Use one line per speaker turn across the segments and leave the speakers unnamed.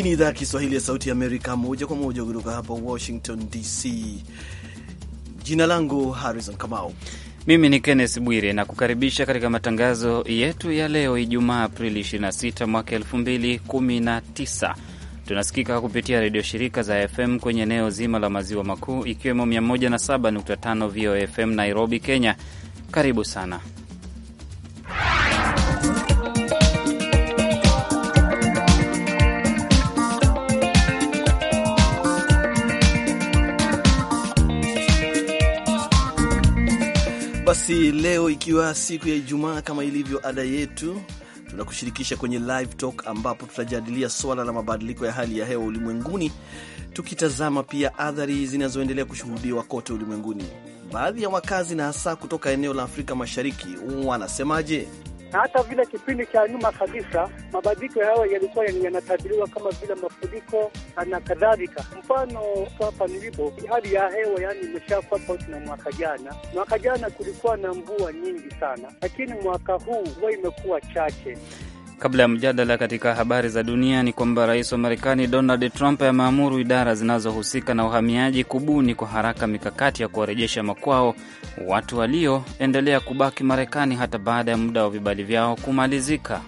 Hii ni idhaa ya Kiswahili ya Sauti Amerika, moja kwa moja kutoka hapa Washington DC. Jina langu Harrison Kamau.
Mimi ni kennes Bwire na kukaribisha katika matangazo yetu ya leo Ijumaa Aprili 26 mwaka 2019. Tunasikika kupitia redio shirika za FM kwenye eneo zima la maziwa makuu ikiwemo 107.5 vofm Nairobi, Kenya. Karibu sana
basi leo ikiwa siku ya Ijumaa, kama ilivyo ada yetu, tunakushirikisha kwenye live talk, ambapo tutajadilia swala la mabadiliko ya hali ya hewa ulimwenguni, tukitazama pia athari zinazoendelea kushuhudiwa kote ulimwenguni. Baadhi ya wakazi na hasa kutoka eneo la Afrika Mashariki wanasemaje?
na hata vile kipindi cha nyuma kabisa mabadiliko yao yalikuwa
yanatabiriwa kama vile mafuriko na kadhalika. Mfano hapa nilipo, hali ya hewa yani imeshakuwa tofauti na mwaka jana. Mwaka jana kulikuwa na mvua nyingi sana, lakini mwaka huu huwa imekuwa chache.
Kabla ya mjadala katika habari za dunia ni kwamba rais wa Marekani Donald Trump ameamuru idara zinazohusika na uhamiaji kubuni kwa haraka mikakati ya kuwarejesha makwao watu walioendelea kubaki Marekani hata baada ya muda wa vibali vyao kumalizika.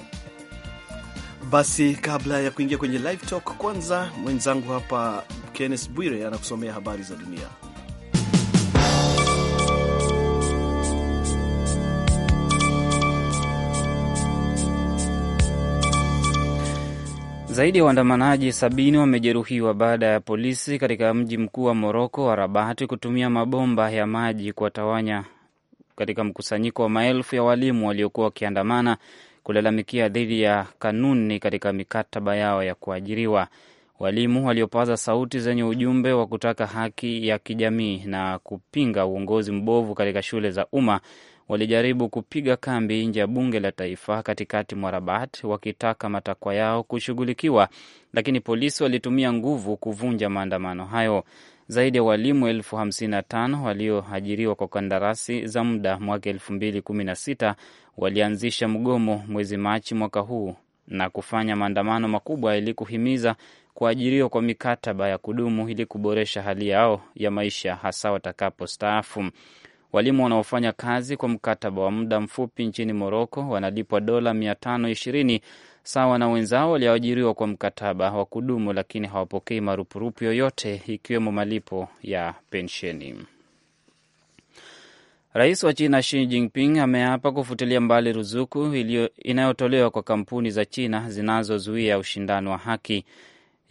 Basi kabla ya kuingia kwenye live talk, kwanza mwenzangu hapa Kenneth Bwire anakusomea habari za dunia.
Zaidi ya waandamanaji sabini wamejeruhiwa baada ya polisi katika mji mkuu wa Moroko wa Rabati kutumia mabomba ya maji kuwatawanya katika mkusanyiko wa maelfu ya walimu waliokuwa wakiandamana kulalamikia dhidi ya kanuni katika mikataba yao ya kuajiriwa. Walimu waliopaza sauti zenye ujumbe wa kutaka haki ya kijamii na kupinga uongozi mbovu katika shule za umma walijaribu kupiga kambi nje ya bunge la taifa katikati mwa Rabat wakitaka matakwa yao kushughulikiwa, lakini polisi walitumia nguvu kuvunja maandamano hayo. Zaidi ya walimu elfu hamsini na tano walioajiriwa kwa kandarasi za muda mwaka elfu mbili kumi na sita walianzisha mgomo mwezi Machi mwaka huu na kufanya maandamano makubwa ili kuhimiza kuajiriwa kwa mikataba ya kudumu ili kuboresha hali yao ya maisha hasa watakapostaafu. Walimu wanaofanya kazi kwa mkataba wa muda mfupi nchini Moroko wanalipwa dola 520 sawa na wenzao walioajiriwa kwa mkataba wa kudumu, lakini hawapokei marupurupu yoyote ikiwemo malipo ya pensheni. Rais wa China Xi Jinping ameapa kufutilia mbali ruzuku inayotolewa kwa kampuni za China zinazozuia ushindani wa haki.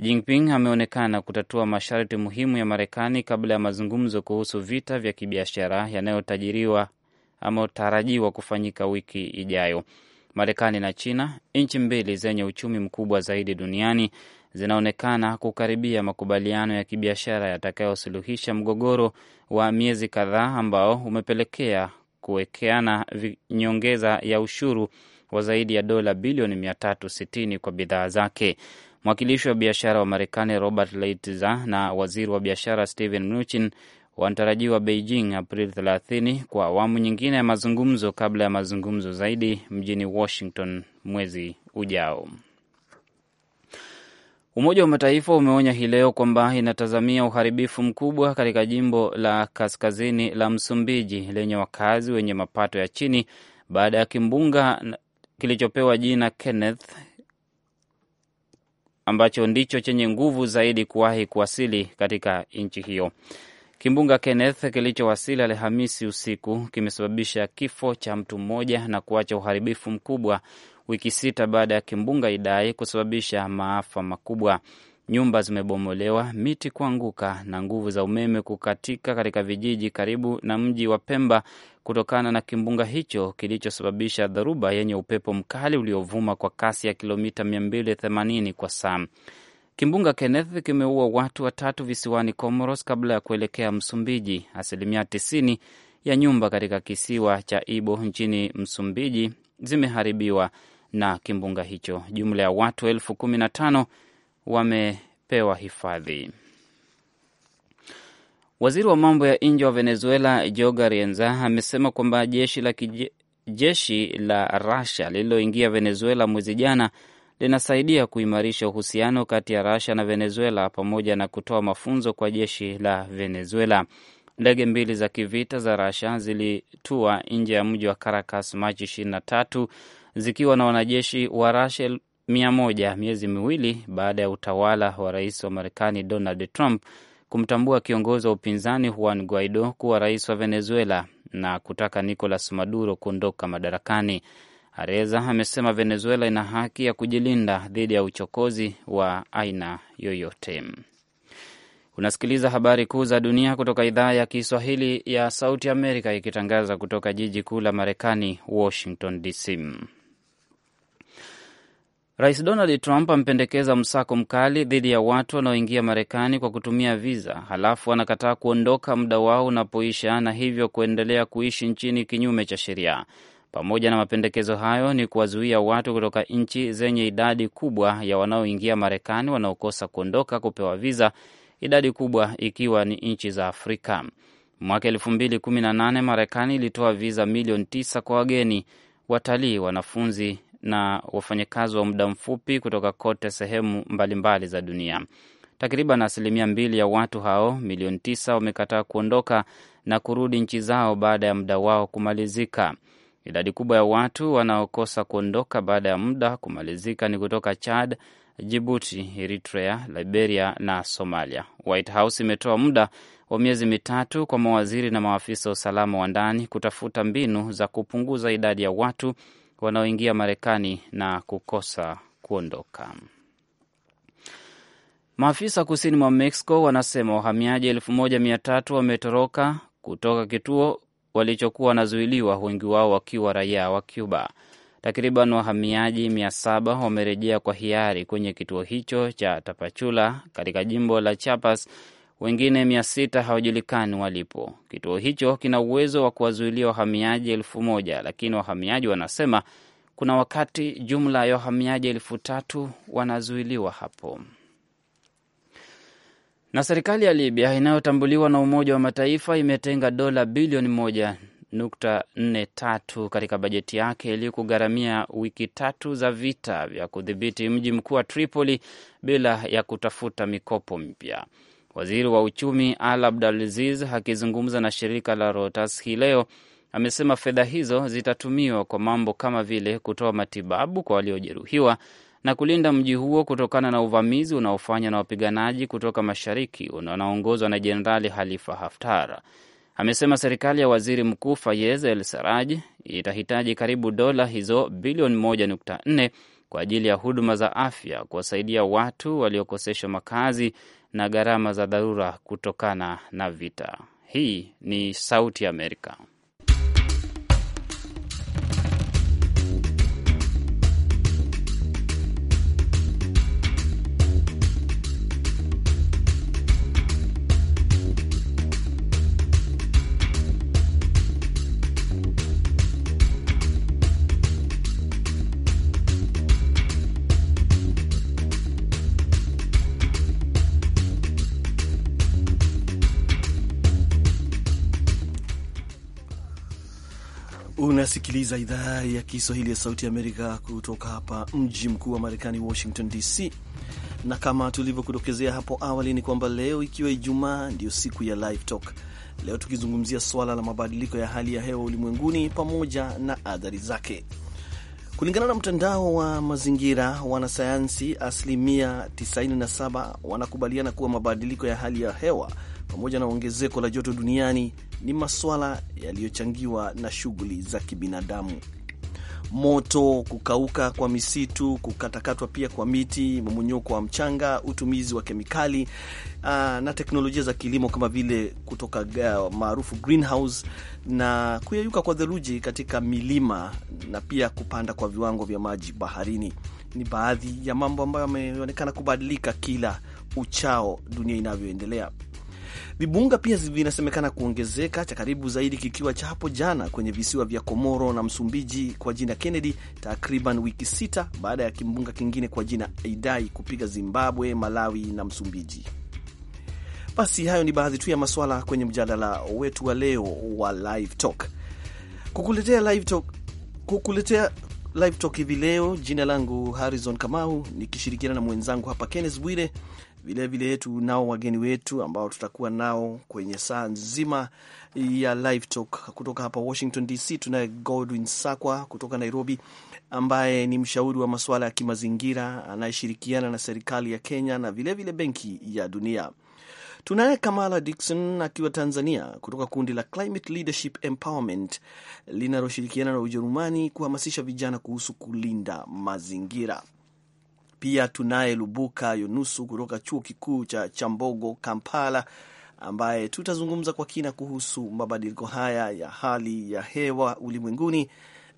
Jinping ameonekana kutatua masharti muhimu ya Marekani kabla ya mazungumzo kuhusu vita vya kibiashara yanayotajiriwa ama kufanyika wiki ijayo. Marekani na China, nchi mbili zenye uchumi mkubwa zaidi duniani, zinaonekana kukaribia makubaliano ya kibiashara yatakayosuluhisha mgogoro wa miezi kadhaa ambao umepelekea kuwekeana nyongeza ya ushuru wa zaidi ya dola bilioni 360 kwa bidhaa zake. Mwakilishi wa biashara wa Marekani Robert Lighthizer na waziri wa biashara Steven Mnuchin wanatarajiwa Beijing Aprili 30 kwa awamu nyingine ya mazungumzo kabla ya mazungumzo zaidi mjini Washington mwezi ujao. Umoja wa Mataifa umeonya hii leo kwamba inatazamia uharibifu mkubwa katika jimbo la kaskazini la Msumbiji lenye wakazi wenye mapato ya chini baada ya kimbunga kilichopewa jina Kenneth ambacho ndicho chenye nguvu zaidi kuwahi kuwasili katika nchi hiyo. Kimbunga Kenneth kilichowasili Alhamisi usiku kimesababisha kifo cha mtu mmoja na kuacha uharibifu mkubwa, wiki sita baada ya kimbunga Idai kusababisha maafa makubwa nyumba zimebomolewa, miti kuanguka na nguvu za umeme kukatika katika vijiji karibu na mji wa Pemba kutokana na kimbunga hicho kilichosababisha dharuba yenye upepo mkali uliovuma kwa kasi ya kilomita 280 kwa saa. Kimbunga Kenneth kimeua watu watatu visiwani Comoros kabla ya kuelekea Msumbiji. Asilimia 90 ya nyumba katika kisiwa cha Ibo nchini Msumbiji zimeharibiwa na kimbunga hicho. Jumla ya watu elfu kumi na tano wamepewa hifadhi. Waziri wa mambo ya nje wa Venezuela Joga Rienza amesema kwamba jeshi la kijeshi la Rasha lililoingia Venezuela mwezi jana linasaidia kuimarisha uhusiano kati ya Rasha na Venezuela pamoja na kutoa mafunzo kwa jeshi la Venezuela. Ndege mbili za kivita za rasha zilitua nje ya mji wa Caracas Machi 23 zikiwa na wanajeshi wa rasha mia moja miezi miwili baada ya utawala wa rais wa Marekani Donald Trump kumtambua kiongozi wa upinzani Juan Guaido kuwa rais wa Venezuela na kutaka Nicolas Maduro kuondoka madarakani. Areza amesema Venezuela ina haki ya kujilinda dhidi ya uchokozi wa aina yoyote. Unasikiliza habari kuu za dunia kutoka idhaa ya Kiswahili ya Sauti Amerika, ikitangaza kutoka jiji kuu la Marekani, Washington DC. Rais Donald Trump amependekeza msako mkali dhidi ya watu wanaoingia Marekani kwa kutumia viza, halafu anakataa kuondoka muda wao unapoisha na hivyo kuendelea kuishi nchini kinyume cha sheria. Pamoja na mapendekezo hayo ni kuwazuia watu kutoka nchi zenye idadi kubwa ya wanaoingia Marekani wanaokosa kuondoka kupewa viza, idadi kubwa ikiwa ni nchi za Afrika. Mwaka elfu mbili kumi na nane Marekani ilitoa viza milioni tisa kwa wageni, watalii, wanafunzi na wafanyakazi wa muda mfupi kutoka kote sehemu mbalimbali mbali za dunia. Takriban asilimia mbili ya watu hao milioni tisa wamekataa kuondoka na kurudi nchi zao baada ya muda wao kumalizika. Idadi kubwa ya watu wanaokosa kuondoka baada ya muda kumalizika ni kutoka Chad, Jibuti, Eritrea, Liberia na Somalia. White House imetoa muda wa miezi mitatu kwa mawaziri na maafisa wa usalama wa ndani kutafuta mbinu za kupunguza idadi ya watu wanaoingia Marekani na kukosa kuondoka. Maafisa kusini mwa Mexico wanasema wahamiaji elfu moja mia tatu wametoroka kutoka kituo walichokuwa wanazuiliwa, wengi wao wakiwa raia wa Cuba. Takriban wahamiaji mia saba wamerejea kwa hiari kwenye kituo hicho cha Tapachula katika jimbo la Chiapas wengine mia sita hawajulikani walipo. Kituo hicho kina uwezo wa kuwazuilia wahamiaji elfu moja lakini wahamiaji wanasema kuna wakati jumla ya wahamiaji elfu tatu wanazuiliwa hapo. Na serikali ya Libya inayotambuliwa na Umoja wa Mataifa imetenga dola bilioni moja nukta nne tatu katika bajeti yake ili kugharamia wiki tatu za vita vya kudhibiti mji mkuu wa Tripoli bila ya kutafuta mikopo mpya. Waziri wa uchumi Al Abdulaziz akizungumza na shirika la Reuters hii leo amesema fedha hizo zitatumiwa kwa mambo kama vile kutoa matibabu kwa waliojeruhiwa na kulinda mji huo kutokana na uvamizi unaofanywa na wapiganaji kutoka mashariki unaoongozwa na Jenerali Halifa Haftar. Amesema serikali ya waziri mkuu Fayez El Saraj itahitaji karibu dola hizo bilioni 1.4 kwa ajili ya huduma za afya, kuwasaidia watu waliokoseshwa makazi na gharama za dharura kutokana na vita. Hii ni Sauti ya Amerika.
Unasikiliza idhaa ya Kiswahili ya Sauti Amerika kutoka hapa mji mkuu wa Marekani, Washington DC, na kama tulivyokudokezea hapo awali ni kwamba leo ikiwa Ijumaa ndiyo siku ya Live Talk, leo tukizungumzia suala la mabadiliko ya hali ya hewa ulimwenguni pamoja na athari zake. Kulingana na mtandao wa mazingira, wanasayansi asilimia 97 wanakubaliana kuwa mabadiliko ya hali ya hewa pamoja na ongezeko la joto duniani ni maswala yaliyochangiwa na shughuli za kibinadamu. Moto, kukauka kwa misitu, kukatakatwa pia kwa miti, mmomonyoko wa mchanga, utumizi wa kemikali aa, ah, na teknolojia za kilimo kama vile kutoka ah, maarufu greenhouse, na kuyeyuka kwa theluji katika milima na pia kupanda kwa viwango vya maji baharini ni baadhi ya mambo ambayo yameonekana kubadilika kila uchao dunia inavyoendelea vibunga pia vinasemekana kuongezeka cha karibu zaidi kikiwa cha hapo jana kwenye visiwa vya Komoro na Msumbiji kwa jina Kennedy, takriban wiki sita baada ya kimbunga kingine kwa jina Idai kupiga Zimbabwe, Malawi na Msumbiji. Basi hayo ni baadhi tu ya maswala kwenye mjadala wetu wa leo wa Live Talk. Kukuletea Live Talk, kukuletea Live Talk hivi leo, jina langu Harrison Kamau nikishirikiana na mwenzangu hapa Kenneth Bwire Vilevile tunao wageni wetu ambao tutakuwa nao kwenye saa nzima ya live talk. Kutoka hapa Washington DC tunaye Godwin Sakwa kutoka Nairobi, ambaye ni mshauri wa masuala ya kimazingira anayeshirikiana na serikali ya Kenya na vilevile Benki ya Dunia. Tunaye Kamala Dikson akiwa Tanzania kutoka kundi la Climate Leadership Empowerment linaloshirikiana na Ujerumani kuhamasisha vijana kuhusu kulinda mazingira. Pia tunaye Lubuka Yunusu kutoka chuo kikuu cha Chambogo, Kampala, ambaye tutazungumza kwa kina kuhusu mabadiliko haya ya hali ya hewa ulimwenguni,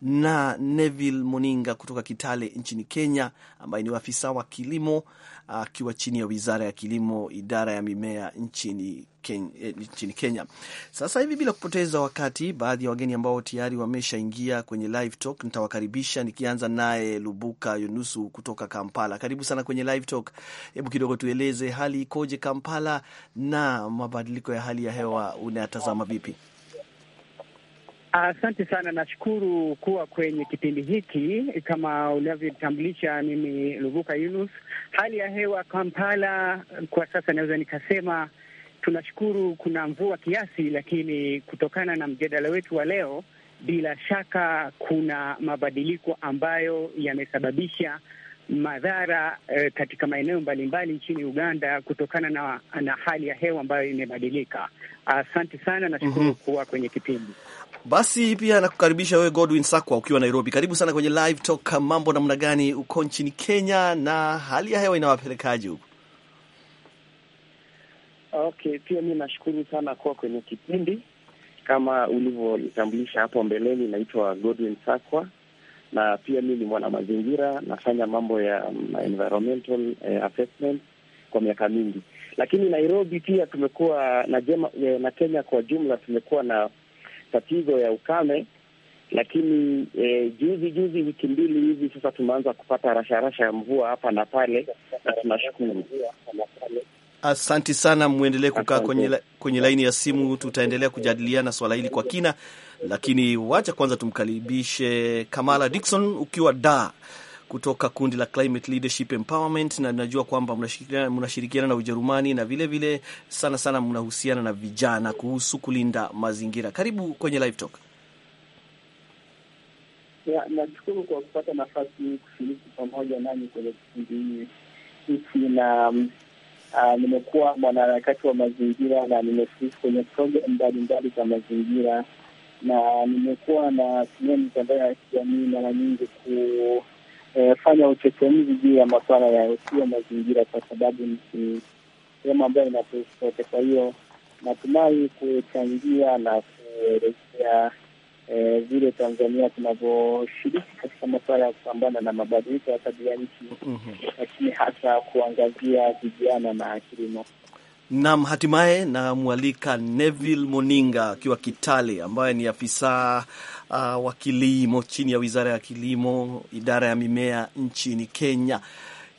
na Neville Moninga kutoka Kitale nchini Kenya, ambaye ni afisa wa kilimo akiwa chini ya wizara ya kilimo, idara ya mimea nchini Kenya, eh, nchini Kenya. Sasa hivi bila kupoteza wakati, baadhi ya wageni ambao tayari wameshaingia kwenye live talk nitawakaribisha, nikianza naye Lubuka Yunusu kutoka Kampala. Karibu sana kwenye live talk. Hebu kidogo tueleze hali ikoje Kampala na mabadiliko ya hali ya hewa unayatazama vipi?
Asante sana, nashukuru kuwa kwenye kipindi hiki. Kama unavyotambulisha, mimi Luvuka Yunus. Hali ya hewa Kampala kwa sasa naweza nikasema tunashukuru, kuna mvua kiasi, lakini kutokana na mjadala wetu wa leo, bila shaka kuna mabadiliko ambayo yamesababisha madhara eh, katika maeneo mbalimbali nchini Uganda kutokana na, na hali ya hewa ambayo imebadilika. Asante sana, nashukuru mm -hmm. kuwa kwenye kipindi.
Basi pia nakukaribisha wewe Godwin Sakwa ukiwa Nairobi. Karibu sana kwenye live talk. Mambo namna gani uko nchini Kenya na hali ya hewa inawapelekaje
huko? Okay, pia mi nashukuru sana kuwa kwenye kipindi. Kama ulivyotambulisha hapo mbeleni, naitwa Godwin Sakwa na pia mi ni mwana mazingira, nafanya mambo ya um, environmental eh, assessment kwa miaka mingi, lakini Nairobi pia tumekuwa na jema, eh, na Kenya kwa jumla tumekuwa na matatizo ya ukame, lakini e, juzi juzi, wiki mbili hivi sasa, tumeanza kupata rasharasha rasha ya mvua hapa na pale, na tunashukuru.
Asanti sana, mwendelee kukaa kwenye, kwenye laini ya simu. Tutaendelea kujadiliana swala hili kwa kina, lakini wacha kwanza tumkaribishe Kamala Dikson ukiwa da kutoka kundi la Climate Leadership Empowerment, na najua kwamba mnashirikiana na Ujerumani na vilevile vile, sana sana mnahusiana na vijana kuhusu kulinda mazingira. Karibu kwenye Live Talk.
Nashukuru kwa kupata nafasi hii kushiriki pamoja nanyi kwenye kipindi hiki, na ah, nimekuwa mwanaharakati wa mazingira na nimeshiriki kwenye programu mbalimbali za mazingira na nimekuwa natumia mitandao ya kijamii mara nyingi ku eh, fanya uchechemzi juu ya masuala ya usio mazingira, kwa sababu ni sehemu ambayo inatuhusu sote. Kwa hiyo natumai kuchangia na kuelezea eh, vile Tanzania tunavyoshiriki katika masuala ya kupambana na mabadiliko ya tabia nchi, mhm. lakini mm -hmm. hasa kuangazia vijana na kilimo.
Nam, hatimaye namwalika Neville Moninga akiwa Kitale, ambaye ni afisa uh, wa kilimo chini ya wizara ya kilimo, idara ya mimea nchini Kenya.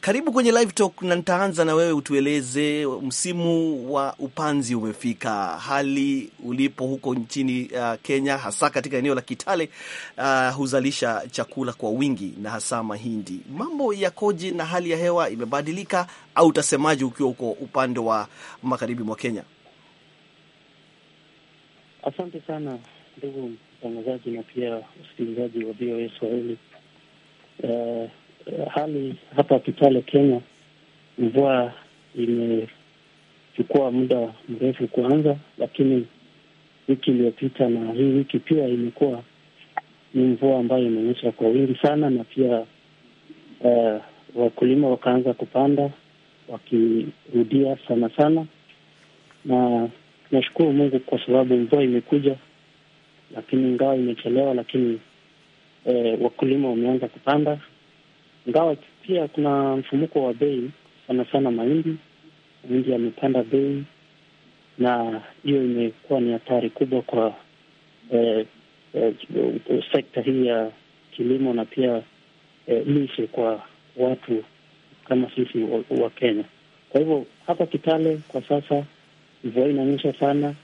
Karibu kwenye Live Talk na nitaanza na wewe, utueleze msimu wa upanzi umefika, hali ulipo huko nchini uh, Kenya, hasa katika eneo la Kitale uh, huzalisha chakula kwa wingi na hasa mahindi. Mambo yakoje na hali ya hewa imebadilika au utasemaje ukiwa huko upande wa magharibi mwa Kenya?
Asante sana ndugu mtangazaji na pia usikilizaji wa VOA Swahili. uh, Eh, hali hapa Kitale, Kenya, mvua imechukua muda mrefu kuanza, lakini wiki iliyopita na hii wiki pia imekuwa ni mvua ambayo imeonyesha kwa wingi sana, na pia uh, wakulima wakaanza kupanda wakirudia sana sana, na nashukuru Mungu kwa sababu mvua imekuja, lakini ingawa imechelewa, lakini uh, wakulima wameanza kupanda ingawa pia kuna mfumuko wa bei, sana sana mahindi. Mahindi yamepanda bei, na hiyo imekuwa ni hatari kubwa kwa eh, eh, sekta hii ya kilimo na pia eh, lishe kwa watu kama sisi wa, wa Kenya. Kwa hivyo hapa Kitale kwa sasa mvua inanyesha sana,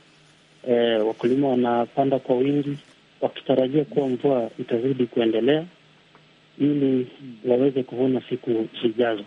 eh, wakulima wanapanda kwa wingi wakitarajia kuwa mvua itazidi kuendelea ili waweze kuvuna siku zijazo.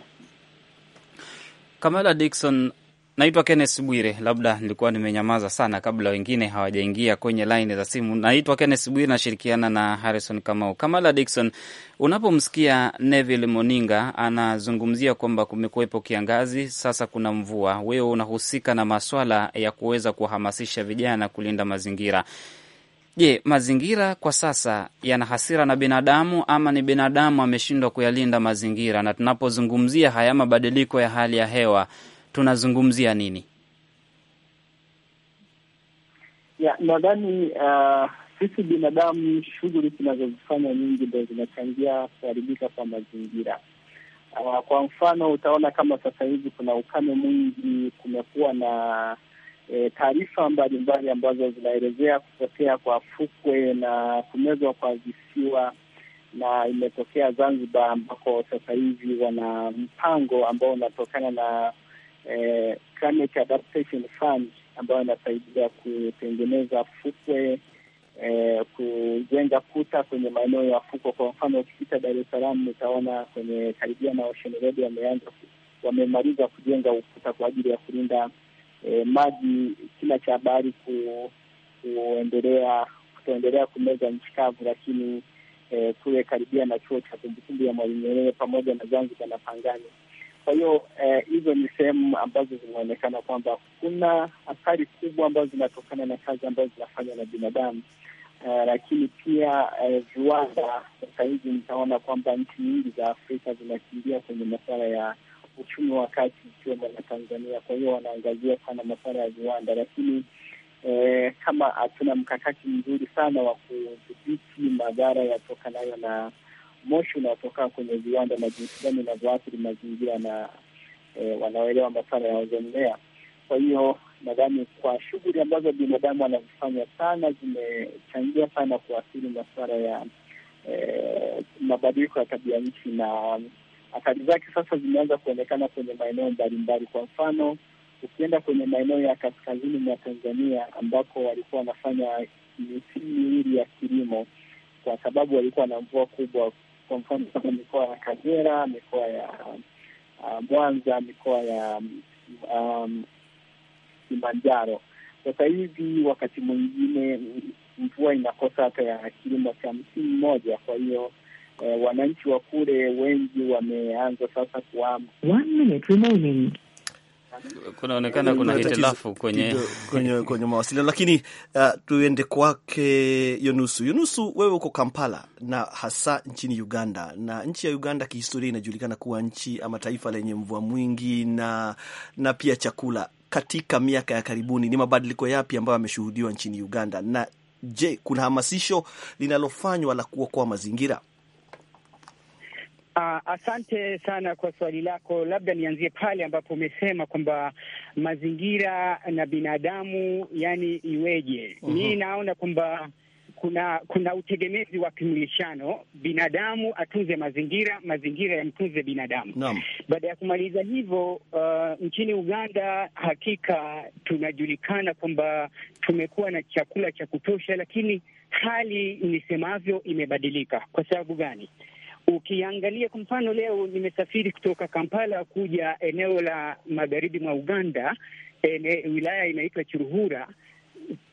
Kamala Dikson. Naitwa Kenneth Bwire. Labda nilikuwa nimenyamaza sana kabla wengine hawajaingia kwenye laini za simu. Naitwa Kenneth Bwire, nashirikiana na Harrison Kamau. Kamala Dikson, unapomsikia Neville Moninga anazungumzia kwamba kumekuwepo kiangazi, sasa kuna mvua, wewe unahusika na maswala ya kuweza kuhamasisha vijana kulinda mazingira. Je, mazingira kwa sasa yana hasira na binadamu ama ni binadamu ameshindwa kuyalinda mazingira? Na tunapozungumzia haya mabadiliko ya hali ya hewa tunazungumzia nini?
nadhani uh, sisi binadamu shughuli tunazozifanya nyingi ndo zinachangia kuharibika kwa mazingira. Uh, kwa mfano utaona kama sasa hivi kuna ukame mwingi, kumekuwa na e, taarifa mbalimbali ambazo zinaelezea kupotea kwa fukwe na kumezwa kwa visiwa, na imetokea Zanzibar ambako sasa hivi wana mpango ambao unatokana na eh, Climate Adaptation Fund ambayo inasaidia kutengeneza fukwe Eh, kujenga kuta kwenye maeneo ya fukwe Kwa mfano ukipita Dar es Salaam utaona kwenye karibia na Ocean Road wameanza wamemaliza kujenga ukuta kwa ajili ya kulinda eh, maji kina cha bahari ku, kuendelea kutoendelea kumeza nchi kavu, lakini eh, kule karibia na chuo cha kumbukumbu ya Mwalimu Nyerere pamoja na Zanzibar na Pangani. Kwa hiyo e, hizo eh, ni sehemu ambazo zinaonekana kwamba kuna athari kubwa ambazo zinatokana na kazi ambazo zinafanywa na binadamu Uh, lakini pia uh, viwanda sasa hivi nitaona kwamba nchi nyingi za Afrika zinakimbia kwenye masuala ya uchumi wa kati ikiwemo na Tanzania. Kwa hiyo wanaangazia sana masuala ya viwanda, lakini eh, kama hatuna mkakati mzuri sana wa kudhibiti madhara yatokanayo na moshi unaotoka kwenye viwanda na jinsi gani inavyoathiri mazingira na eh, wanaoelewa masuala ya ozonea. Kwa hiyo nadhani kwa shughuli ambazo binadamu anazifanya sana zimechangia sana kuathiri masuala ya eh, mabadiliko ya tabia nchi na Athari zake sasa zimeanza kuonekana kwenye maeneo mbalimbali. Kwa mfano, ukienda kwenye maeneo ya kaskazini mwa Tanzania ambako walikuwa wanafanya misimu miwili ya kilimo kwa sababu walikuwa na mvua kubwa, kwa mfano kama mikoa ya Kagera, mikoa ya ah, Mwanza, mikoa ya um, Kilimanjaro. Sasa hivi wakati mwingine mvua inakosa hata ya kilimo cha msimu mmoja, kwa hiyo eh, wananchi wa kule wengi wameanza sasa kuama. One
Kunaonekana kuna hitilafu kwenye
kwenye, kwenye mawasiliano lakini uh, tuende kwake Yunusu. Yunusu, wewe uko Kampala na hasa nchini Uganda, na nchi ya Uganda kihistoria inajulikana kuwa nchi ama taifa lenye mvua mwingi na, na pia chakula. Katika miaka ya karibuni ni mabadiliko yapi ambayo yameshuhudiwa nchini Uganda, na je kuna hamasisho linalofanywa la kuokoa mazingira?
Uh, asante sana kwa swali lako. Labda nianzie pale ambapo umesema kwamba mazingira na binadamu yani iweje? uh mhm. -huh. Mi naona kwamba kuna kuna utegemezi wa kimilishano, binadamu atunze mazingira, mazingira yamtunze binadamu. Baada ya kumaliza hivyo, uh, nchini Uganda hakika tunajulikana kwamba tumekuwa na chakula cha kutosha, lakini hali nisemavyo imebadilika. Kwa sababu gani? Ukiangalia kwa mfano, leo nimesafiri kutoka Kampala kuja eneo la magharibi mwa Uganda, ene, wilaya inaitwa Chiruhura.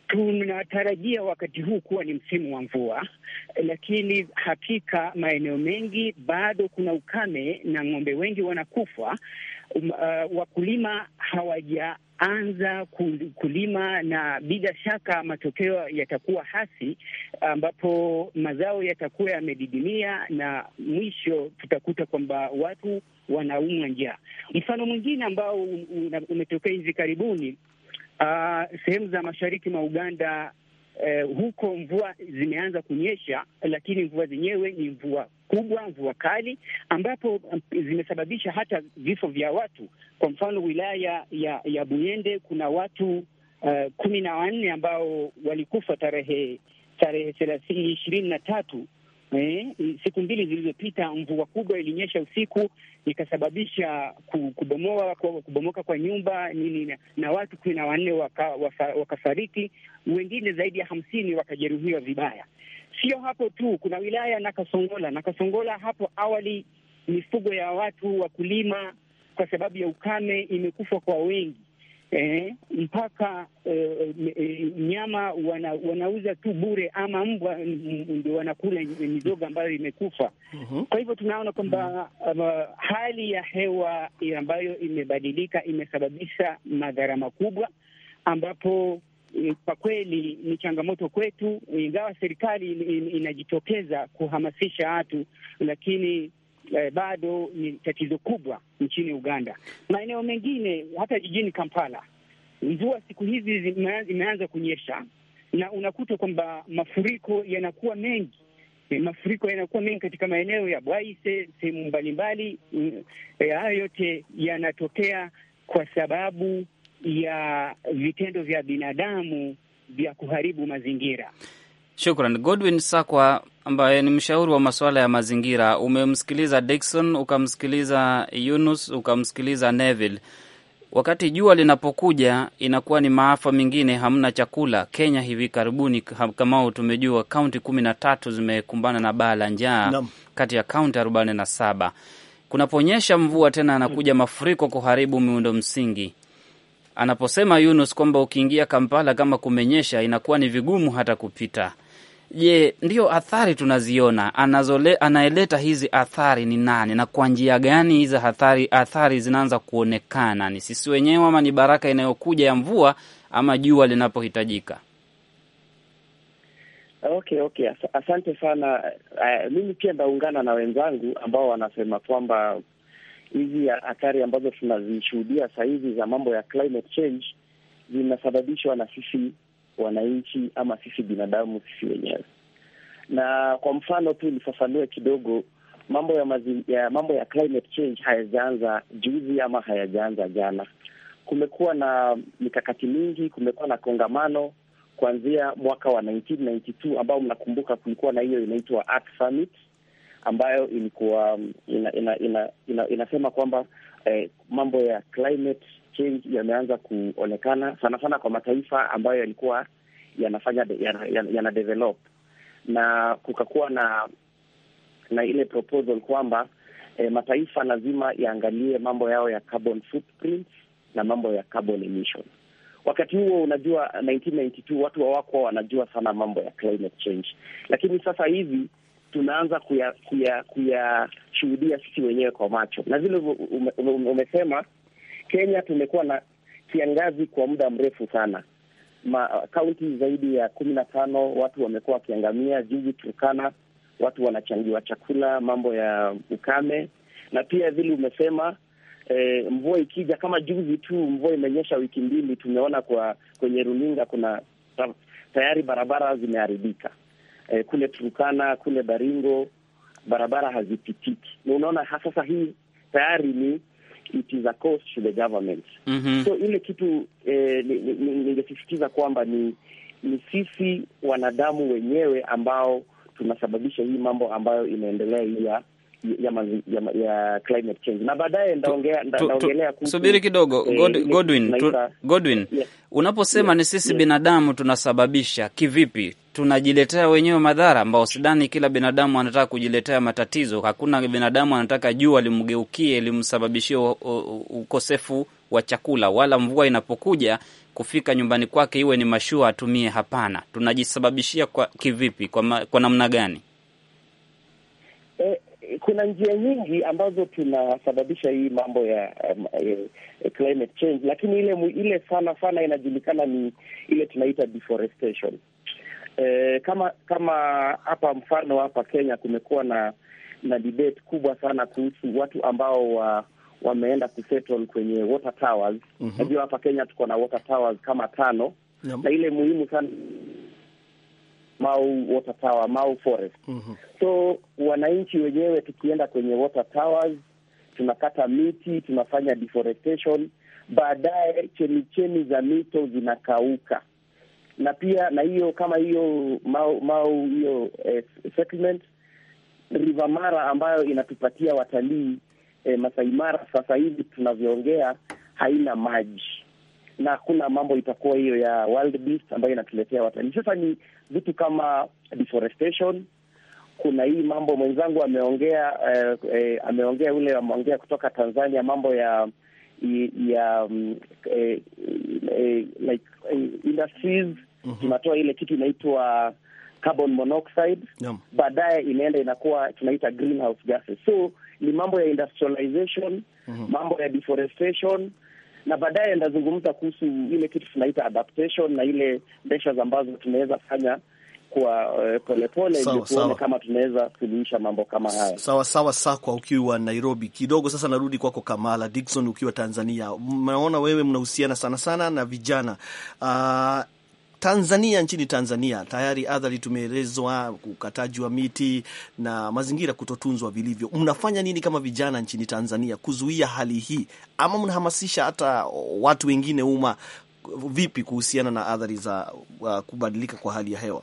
Tunatarajia wakati huu kuwa ni msimu wa mvua, lakini hakika maeneo mengi bado kuna ukame na ng'ombe wengi wanakufa. Um, uh, wakulima hawaja anza kulima na bila shaka matokeo yatakuwa hasi, ambapo mazao yatakuwa yamedidimia na mwisho tutakuta kwamba watu wanaumwa njaa. Mfano mwingine ambao umetokea hivi karibuni, uh, sehemu za mashariki mwa Uganda eh, huko mvua zimeanza kunyesha, lakini mvua zenyewe ni mvua kubwa, mvua kali, ambapo eh, zimesababisha hata vifo vya watu. Kwa mfano wilaya ya, ya Buyende kuna watu uh, kumi na wanne ambao walikufa tarehe tarehe thelathini ishirini na tatu Eh, siku mbili zilizopita mvua kubwa ilinyesha usiku ikasababisha kubomoa kubomoka kwa nyumba nini na, na watu kumi na wanne wakafariki waka wengine zaidi ya hamsini wakajeruhiwa vibaya. Sio hapo tu, kuna wilaya na Kasongola na Kasongola, hapo awali mifugo ya watu wakulima, kwa sababu ya ukame imekufa kwa wengi eh, mpaka eh, eh, nyama wana, wanauza tu bure ama mbwa ndio wanakula mizoga ambayo imekufa. Mhm. Kwa hivyo tunaona kwamba uh, hali ya hewa ambayo imebadilika imesababisha madhara makubwa ambapo eh, kwa kweli ni changamoto kwetu, ingawa serikali inajitokeza kuhamasisha watu, lakini eh, bado ni tatizo kubwa nchini Uganda. Maeneo mengine hata jijini Kampala, mvua siku hizi imeanza kunyesha na unakuta kwamba mafuriko yanakuwa mengi eh, mafuriko yanakuwa mengi katika maeneo ya Bwaise, sehemu mbalimbali. Mm, eh, hayo yote yanatokea kwa sababu ya vitendo vya binadamu vya kuharibu mazingira.
Shukran Godwin Sakwa ambaye ni mshauri wa masuala ya mazingira. Umemsikiliza Dikson, ukamsikiliza Yunus, ukamsikiliza Neville. Wakati jua linapokuja inakuwa ni maafa mengine, hamna chakula. Kenya hivi karibuni, Kamau, tumejua kaunti kumi na tatu zimekumbana na baa la njaa kati ya kaunti arobaini na saba. Kunaponyesha mvua tena anakuja mafuriko kuharibu miundo msingi. Anaposema Yunus kwamba ukiingia Kampala kama kumenyesha inakuwa ni vigumu hata kupita. Je, ndio athari tunaziona anazole, anaeleta hizi athari ni nani na kwa njia gani hizi athari, athari zinaanza kuonekana? Ni sisi wenyewe ama ni baraka inayokuja ya mvua ama jua linapohitajika?
Okay, okay, asante sana. Uh, mimi pia naungana na wenzangu ambao wanasema kwamba hizi athari ambazo tunazishuhudia sahizi za mambo ya climate change zinasababishwa na sisi wananchi ama sisi binadamu sisi wenyewe. Na kwa mfano tu nifafanue kidogo mambo ya mazi, ya mambo ya climate change hayajaanza juzi ama hayajaanza jana. Kumekuwa na mikakati mingi, kumekuwa na kongamano kuanzia mwaka wa 1992 ambao mnakumbuka, kulikuwa na hiyo inaitwa Earth Summit ambayo ilikuwa ina, ina, ina, ina, inasema kwamba eh, mambo ya climate change yameanza kuonekana sana sana kwa mataifa ambayo yalikuwa yanafanya yana, yana, yana na kukakuwa na na ile proposal kwamba eh, mataifa lazima yaangalie mambo yao ya carbon footprint na mambo ya carbon emission. Wakati huo unajua, 1992 watu hawakuwa wanajua sana mambo ya climate change, lakini sasa hivi tunaanza kuyashuhudia kuya, kuya sisi wenyewe kwa macho, na vile ume, ume, umesema Kenya tumekuwa na kiangazi kwa muda mrefu sana. Kaunti zaidi ya kumi na tano watu wamekuwa wakiangamia. Juzi Turkana watu wanachangiwa chakula, mambo ya ukame, na pia vile umesema e, mvua ikija, kama juzi tu mvua imenyesha wiki mbili, tumeona kwa kwenye runinga kuna tayari barabara zimeharibika eh, kule Turukana, kule Baringo barabara hazipitiki, na unaona sasa hii tayari ni it is a cost to the government. Mm -hmm. So ile kitu eh, ningesisitiza kwamba ni ni sisi wanadamu wenyewe ambao tunasababisha hii mambo ambayo inaendelea hii ya ya, ya, ya climate change na baadaye ndaongelea ndaongelea kuhusu. Subiri kidogo eh, Godwin,
Godwin. Unaposema ni sisi binadamu tunasababisha kivipi? tunajiletea wenyewe madhara, ambao sidhani kila binadamu anataka kujiletea matatizo. Hakuna binadamu anataka jua limgeukie limsababishie ukosefu wa chakula, wala mvua inapokuja kufika nyumbani kwake iwe ni mashua atumie. Hapana, tunajisababishia kwa kivipi? Kwa, ma, kwa namna gani?
E, kuna njia nyingi ambazo tunasababisha hii mambo ya um, e, e climate change, lakini ile ile sana sana inajulikana ni ile tunaita deforestation e, kama kama hapa mfano hapa Kenya kumekuwa na na debate kubwa sana kuhusu watu ambao wa, wameenda kusettle kwenye water towers. Mhm. Najua mm -hmm. hapa Kenya tuko na water towers kama tano yep. na ile muhimu sana Mau water tower, Mau forest mm -hmm. So wananchi wenyewe tukienda kwenye water towers tunakata miti, tunafanya deforestation, baadaye chemichemi za mito zinakauka na pia na hiyo kama hiyo mau mau hiyo eh, settlement River Mara ambayo inatupatia watalii eh, Masai Mara sasa hivi tunavyoongea haina maji na hakuna mambo itakuwa hiyo ya wild beast ambayo inatuletea watalii. Sasa ni vitu kama deforestation. Kuna hii mambo mwenzangu ameongea eh, eh, ameongea ule ameongea kutoka Tanzania mambo ya ya um, eh, eh, like eh, industries -hmm. tunatoa ile kitu inaitwa carbon monoxide yeah. Baadaye inaenda inakuwa tunaita greenhouse gases, so ni mambo ya industrialization
mm
-hmm.
mambo ya deforestation na baadaye ndazungumza kuhusu ile kitu tunaita adaptation na ile measures ambazo tunaweza fanya kwa polepole uh, ili tuone kama tunaweza suluhisha mambo kama haya.
Sawa sawa, Sakwa ukiwa Nairobi kidogo. Sasa narudi kwako Kamala Dikson ukiwa Tanzania. Mnaona wewe mnahusiana sana sana na vijana uh, Tanzania, nchini Tanzania tayari adhari tumeelezwa, ukataji wa miti na mazingira kutotunzwa vilivyo. Mnafanya nini kama vijana nchini Tanzania kuzuia hali hii, ama mnahamasisha hata watu wengine, umma vipi kuhusiana na adhari za uh, kubadilika kwa hali ya hewa?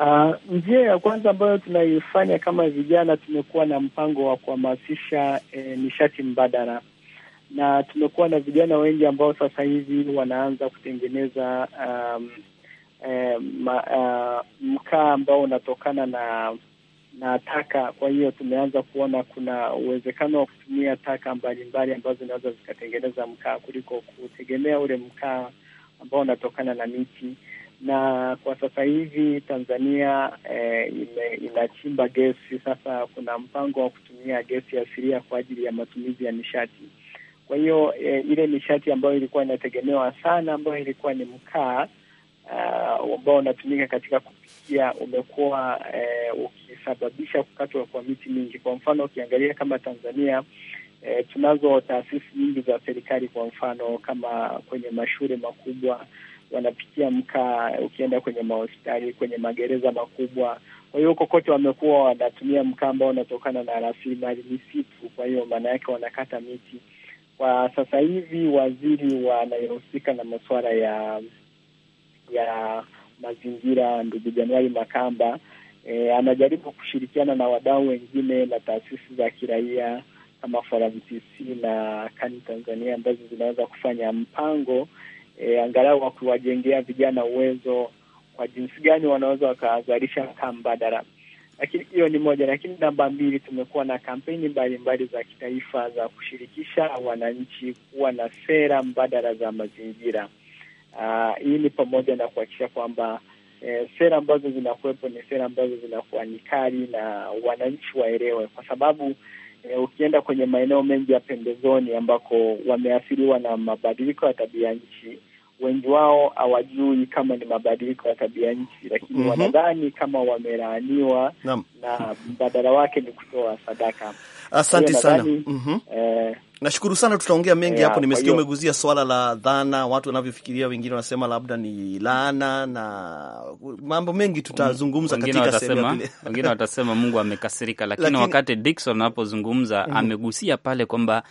Uh, njia ya kwanza ambayo tunaifanya kama vijana, tumekuwa na mpango wa kuhamasisha eh, nishati mbadala na tumekuwa na vijana wengi ambao sasa hivi wanaanza kutengeneza um, um, uh, mkaa ambao unatokana na na taka. Kwa hiyo tumeanza kuona kuna uwezekano wa kutumia taka mbalimbali ambazo zinaweza zikatengeneza mkaa kuliko kutegemea ule mkaa ambao unatokana na miti. Na kwa sasa hivi Tanzania eh, inachimba gesi. Sasa kuna mpango wa kutumia gesi asilia kwa ajili ya matumizi ya nishati. Kwa hiyo e, ile nishati ambayo ilikuwa inategemewa sana ambayo ilikuwa ni mkaa uh, ambao unatumika katika kupikia umekuwa uh, ukisababisha kukatwa kwa miti mingi. Kwa mfano ukiangalia kama Tanzania E, tunazo taasisi nyingi za serikali. Kwa mfano kama kwenye mashule makubwa wanapikia mkaa, ukienda kwenye mahospitali, kwenye magereza makubwa. Kwa hiyo kokote wamekuwa wanatumia mkaa ambao unatokana na rasilimali misitu, kwa hiyo maana yake wanakata miti kwa sasa hivi waziri wanayehusika na masuala ya ya mazingira ndugu Januari Makamba e, anajaribu kushirikiana na wadau wengine na taasisi za kiraia kama Forum na Kani Tanzania ambazo zinaweza kufanya mpango e, angalau wa kuwajengea vijana uwezo kwa jinsi gani wanaweza wakazalisha kaa mbadala lakini hiyo ni moja. Lakini namba mbili, tumekuwa na kampeni mbalimbali za kitaifa za kushirikisha wananchi kuwa na sera mbadala za mazingira. Uh, hii ni pamoja na kuhakikisha kwamba eh, sera ambazo zinakuwepo ni sera ambazo zinakuwa ni kali na wananchi waelewe, kwa sababu eh, ukienda kwenye maeneo mengi ya pembezoni ambako wameathiriwa na mabadiliko ya tabia nchi wengi wao hawajui kama ni mabadiliko ya tabia nchi, lakini mm -hmm. wanadhani kama wamelaaniwa na, na mbadala wake ni kutoa sadaka.
Asante sana mm -hmm. eh, nashukuru sana, tutaongea mengi yeah, hapo. Nimesikia umeguzia swala la dhana, watu wanavyofikiria, wengine wanasema labda ni laana na mambo mengi tutazungumza um, katika sehemu ile. Wengine
watasema Mungu amekasirika, lakini, lakini wakati Dickson anapozungumza mm -hmm. amegusia pale kwamba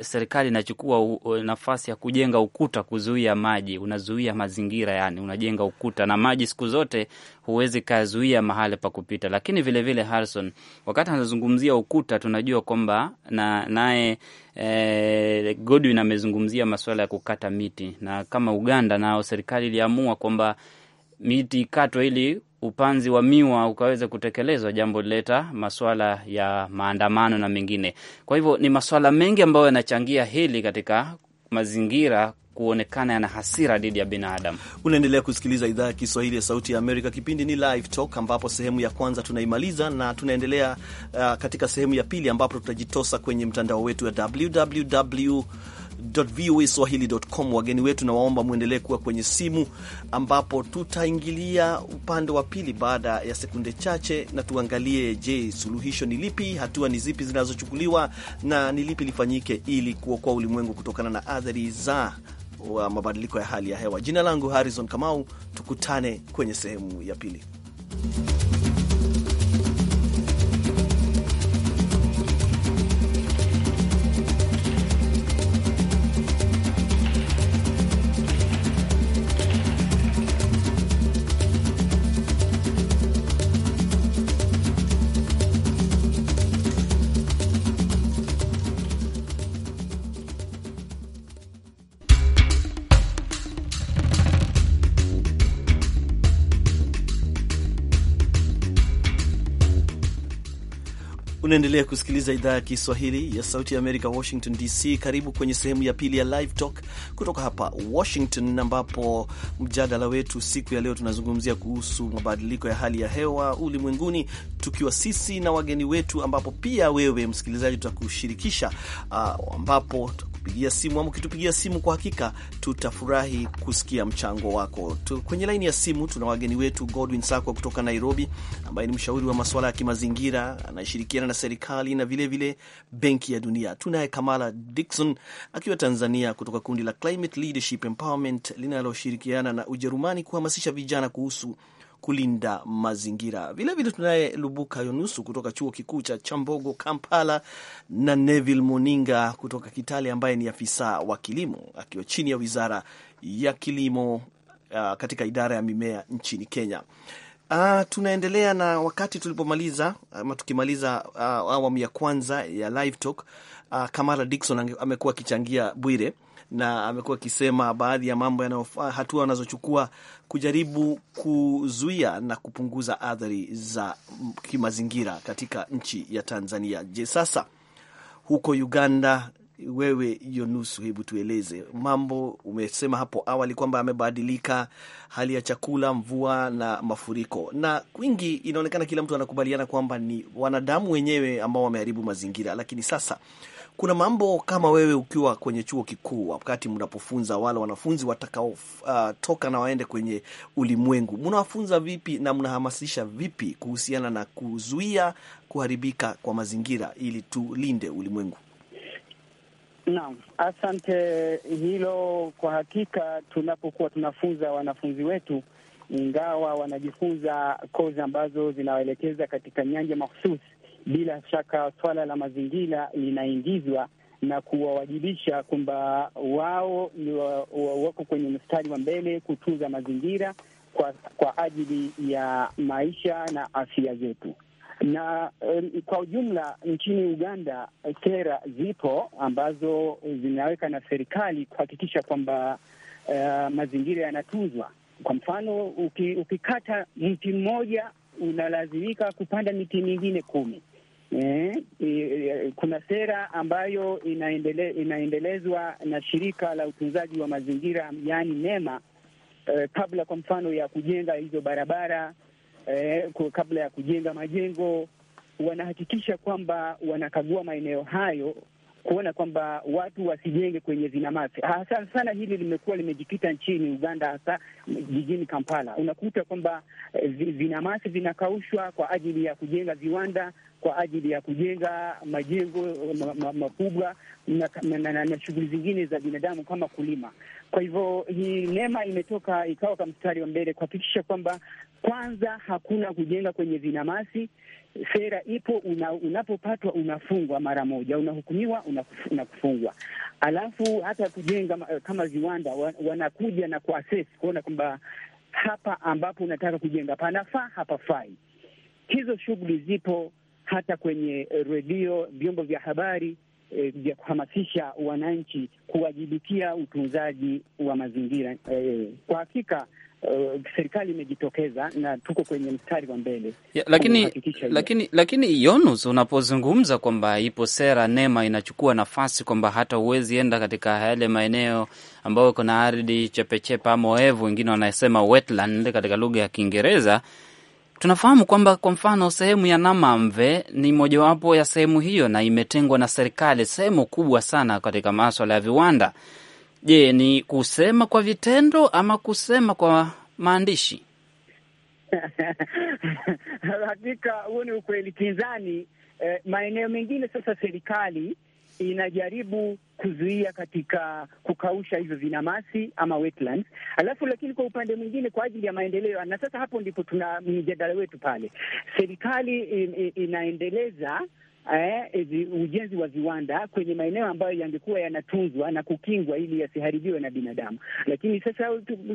serikali inachukua nafasi ya kujenga ukuta kuzuia maji, unazuia mazingira, yani unajenga ukuta na maji siku zote huwezi kazuia mahali pa kupita. Lakini vilevile vile Harrison, wakati anazungumzia ukuta, tunajua kwamba na naye e, Godwin amezungumzia masuala ya kukata miti, na kama Uganda nao serikali iliamua kwamba miti ikatwe ili upanzi wa miwa ukaweza kutekelezwa, jambo lileta maswala ya maandamano na mengine. Kwa hivyo ni maswala mengi ambayo yanachangia hili katika mazingira kuonekana yana hasira dhidi ya binadamu.
Unaendelea kusikiliza idhaa ya Kiswahili ya Sauti ya Amerika. Kipindi ni Live Talk, ambapo sehemu ya kwanza tunaimaliza na tunaendelea uh, katika sehemu ya pili ambapo tutajitosa kwenye mtandao wetu wa www voaswahili.com. Wageni wetu, nawaomba mwendelee kuwa kwenye simu, ambapo tutaingilia upande wa pili baada ya sekunde chache, na tuangalie, je, suluhisho ni lipi? Hatua ni zipi zinazochukuliwa na ni lipi lifanyike ili kuokoa ulimwengu kutokana na athari za mabadiliko ya hali ya hewa. Jina langu Harrison Kamau, tukutane kwenye sehemu ya pili. Unaendelea kusikiliza idhaa ya Kiswahili ya Sauti ya Amerika, Washington DC. Karibu kwenye sehemu ya pili ya Live Talk kutoka hapa Washington, ambapo mjadala wetu siku ya leo tunazungumzia kuhusu mabadiliko ya hali ya hewa ulimwenguni, tukiwa sisi na wageni wetu, ambapo pia wewe msikilizaji tutakushirikisha, ah, ambapo kutupigia simu ama ukitupigia simu, kwa hakika tutafurahi kusikia mchango wako tu. Kwenye laini ya simu tuna wageni wetu Godwin Sakwa kutoka Nairobi, ambaye ni mshauri wa masuala ya kimazingira anayeshirikiana na serikali na vilevile vile Benki ya Dunia. Tunaye Kamala Dikson akiwa Tanzania kutoka kundi la Climate Leadership Empowerment linaloshirikiana na Ujerumani kuhamasisha vijana kuhusu kulinda mazingira. Vilevile tunaye Lubuka Yunusu kutoka chuo kikuu cha Chambogo Kampala, na Neville Muninga kutoka Kitale ambaye ni afisa wa kilimo akiwa chini ya wizara ya kilimo uh, katika idara ya mimea nchini Kenya. Uh, tunaendelea na wakati tulipomaliza ama tukimaliza uh, awamu ya kwanza ya live talk uh, Kamala Dikson amekuwa akichangia Bwire na amekuwa akisema baadhi ya mambo yanayofaa, hatua wanazochukua kujaribu kuzuia na kupunguza athari za kimazingira katika nchi ya Tanzania. Je, sasa huko Uganda wewe Yonusu, hebu tueleze mambo. Umesema hapo awali kwamba amebadilika hali ya chakula, mvua na mafuriko, na kwingi inaonekana kila mtu anakubaliana kwamba ni wanadamu wenyewe ambao wameharibu mazingira, lakini sasa kuna mambo kama wewe ukiwa kwenye chuo kikuu, wakati mnapofunza wale wanafunzi watakaotoka uh, na waende kwenye ulimwengu, mnawafunza vipi na mnahamasisha vipi kuhusiana na kuzuia kuharibika kwa mazingira ili tulinde ulimwengu?
Naam, asante. Hilo kwa hakika, tunapokuwa tunafunza wanafunzi wetu, ingawa wanajifunza kozi ambazo zinawaelekeza katika nyanja mahususi bila shaka swala la mazingira linaingizwa na kuwawajibisha kwamba wao wako kwenye mstari wa mbele kutunza mazingira kwa, kwa ajili ya maisha na afya zetu. Na um, kwa ujumla nchini Uganda sera zipo ambazo zinaweka na serikali kuhakikisha kwamba uh, mazingira yanatunzwa. Kwa mfano, ukikata mti mmoja unalazimika kupanda miti mingine kumi eh, eh, kuna sera ambayo inaendele, inaendelezwa na shirika la utunzaji wa mazingira yaani NEMA eh, kabla kwa mfano ya kujenga hizo barabara eh, kabla ya kujenga majengo wanahakikisha kwamba wanakagua maeneo hayo kuona kwamba watu wasijenge kwenye zinamasi. Hasa sana hili limekuwa limejikita nchini Uganda, hasa jijini Kampala. Unakuta kwamba zinamasi eh, vinakaushwa kwa ajili ya kujenga viwanda, kwa ajili ya kujenga majengo makubwa na, na, na, na shughuli zingine za binadamu kama kulima. Kwa hivyo hii neema imetoka ikawa kwa mstari wa mbele kuhakikisha kwamba kwanza hakuna kujenga kwenye vinamasi. Sera ipo, una, unapopatwa unafungwa mara moja, unahukumiwa kufungwa. Alafu hata kujenga kama viwanda wanakuja na kuassess kuona kwamba hapa ambapo unataka kujenga panafaa, hapafai. Hizo shughuli zipo hata kwenye eh, redio, vyombo vya habari e, vya kuhamasisha wananchi kuwajibikia utunzaji wa mazingira e, kwa hakika Uh, serikali imejitokeza na tuko kwenye mstari wa mbele
ya, lakini, lakini, lakini Yonus, unapozungumza kwamba ipo sera NEMA inachukua nafasi kwamba hata huwezi enda katika yale maeneo ambayo kuna ardhi chepechepe ama oevu, wengine wanasema wetland katika lugha ya Kiingereza, Tunafahamu kwamba kwa mfano sehemu ya Namamve ni mojawapo ya sehemu hiyo, na imetengwa na serikali, sehemu kubwa sana katika maswala ya viwanda. Je, ni kusema kwa vitendo ama kusema kwa maandishi?
Hakika huo ni ukweli kinzani. Eh, maeneo mengine sasa serikali inajaribu kuzuia katika kukausha hivyo vinamasi ama wetlands. Alafu lakini kwa upande mwingine, kwa ajili ya maendeleo, na sasa hapo ndipo tuna mjadala wetu pale, serikali in, in, inaendeleza eh, eh ujenzi wa viwanda kwenye maeneo ambayo yangekuwa yanatunzwa na kukingwa ili yasiharibiwe na binadamu. Lakini sasa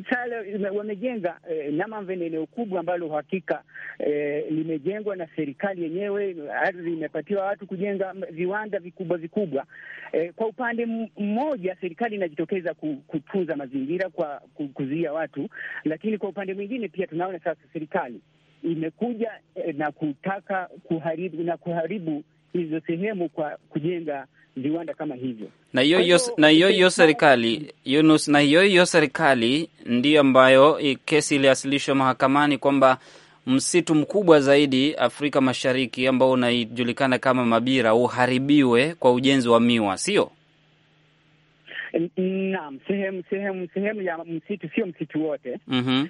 sale, wamejenga eh, ni eneo kubwa ambalo hakika eh, limejengwa na serikali yenyewe, ardhi imepatiwa watu kujenga viwanda vikubwa vikubwa. Eh, kwa upande mmoja serikali inajitokeza kutunza mazingira kwa kuzuia watu, lakini kwa upande mwingine pia tunaona sasa serikali imekuja eh, na kutaka kuharibu na kuharibu hizo sehemu kwa kujenga viwanda kama hivyo. Na hiyo hiyo
na hiyo hiyo serikali Yunus, na hiyo hiyo serikali ndiyo ambayo kesi iliwasilishwa mahakamani kwamba msitu mkubwa zaidi Afrika Mashariki ambao unajulikana kama Mabira uharibiwe kwa ujenzi wa miwa, sio?
Naam, sehemu sehemu sehemu ya msitu, sio msitu wote. mm -hmm.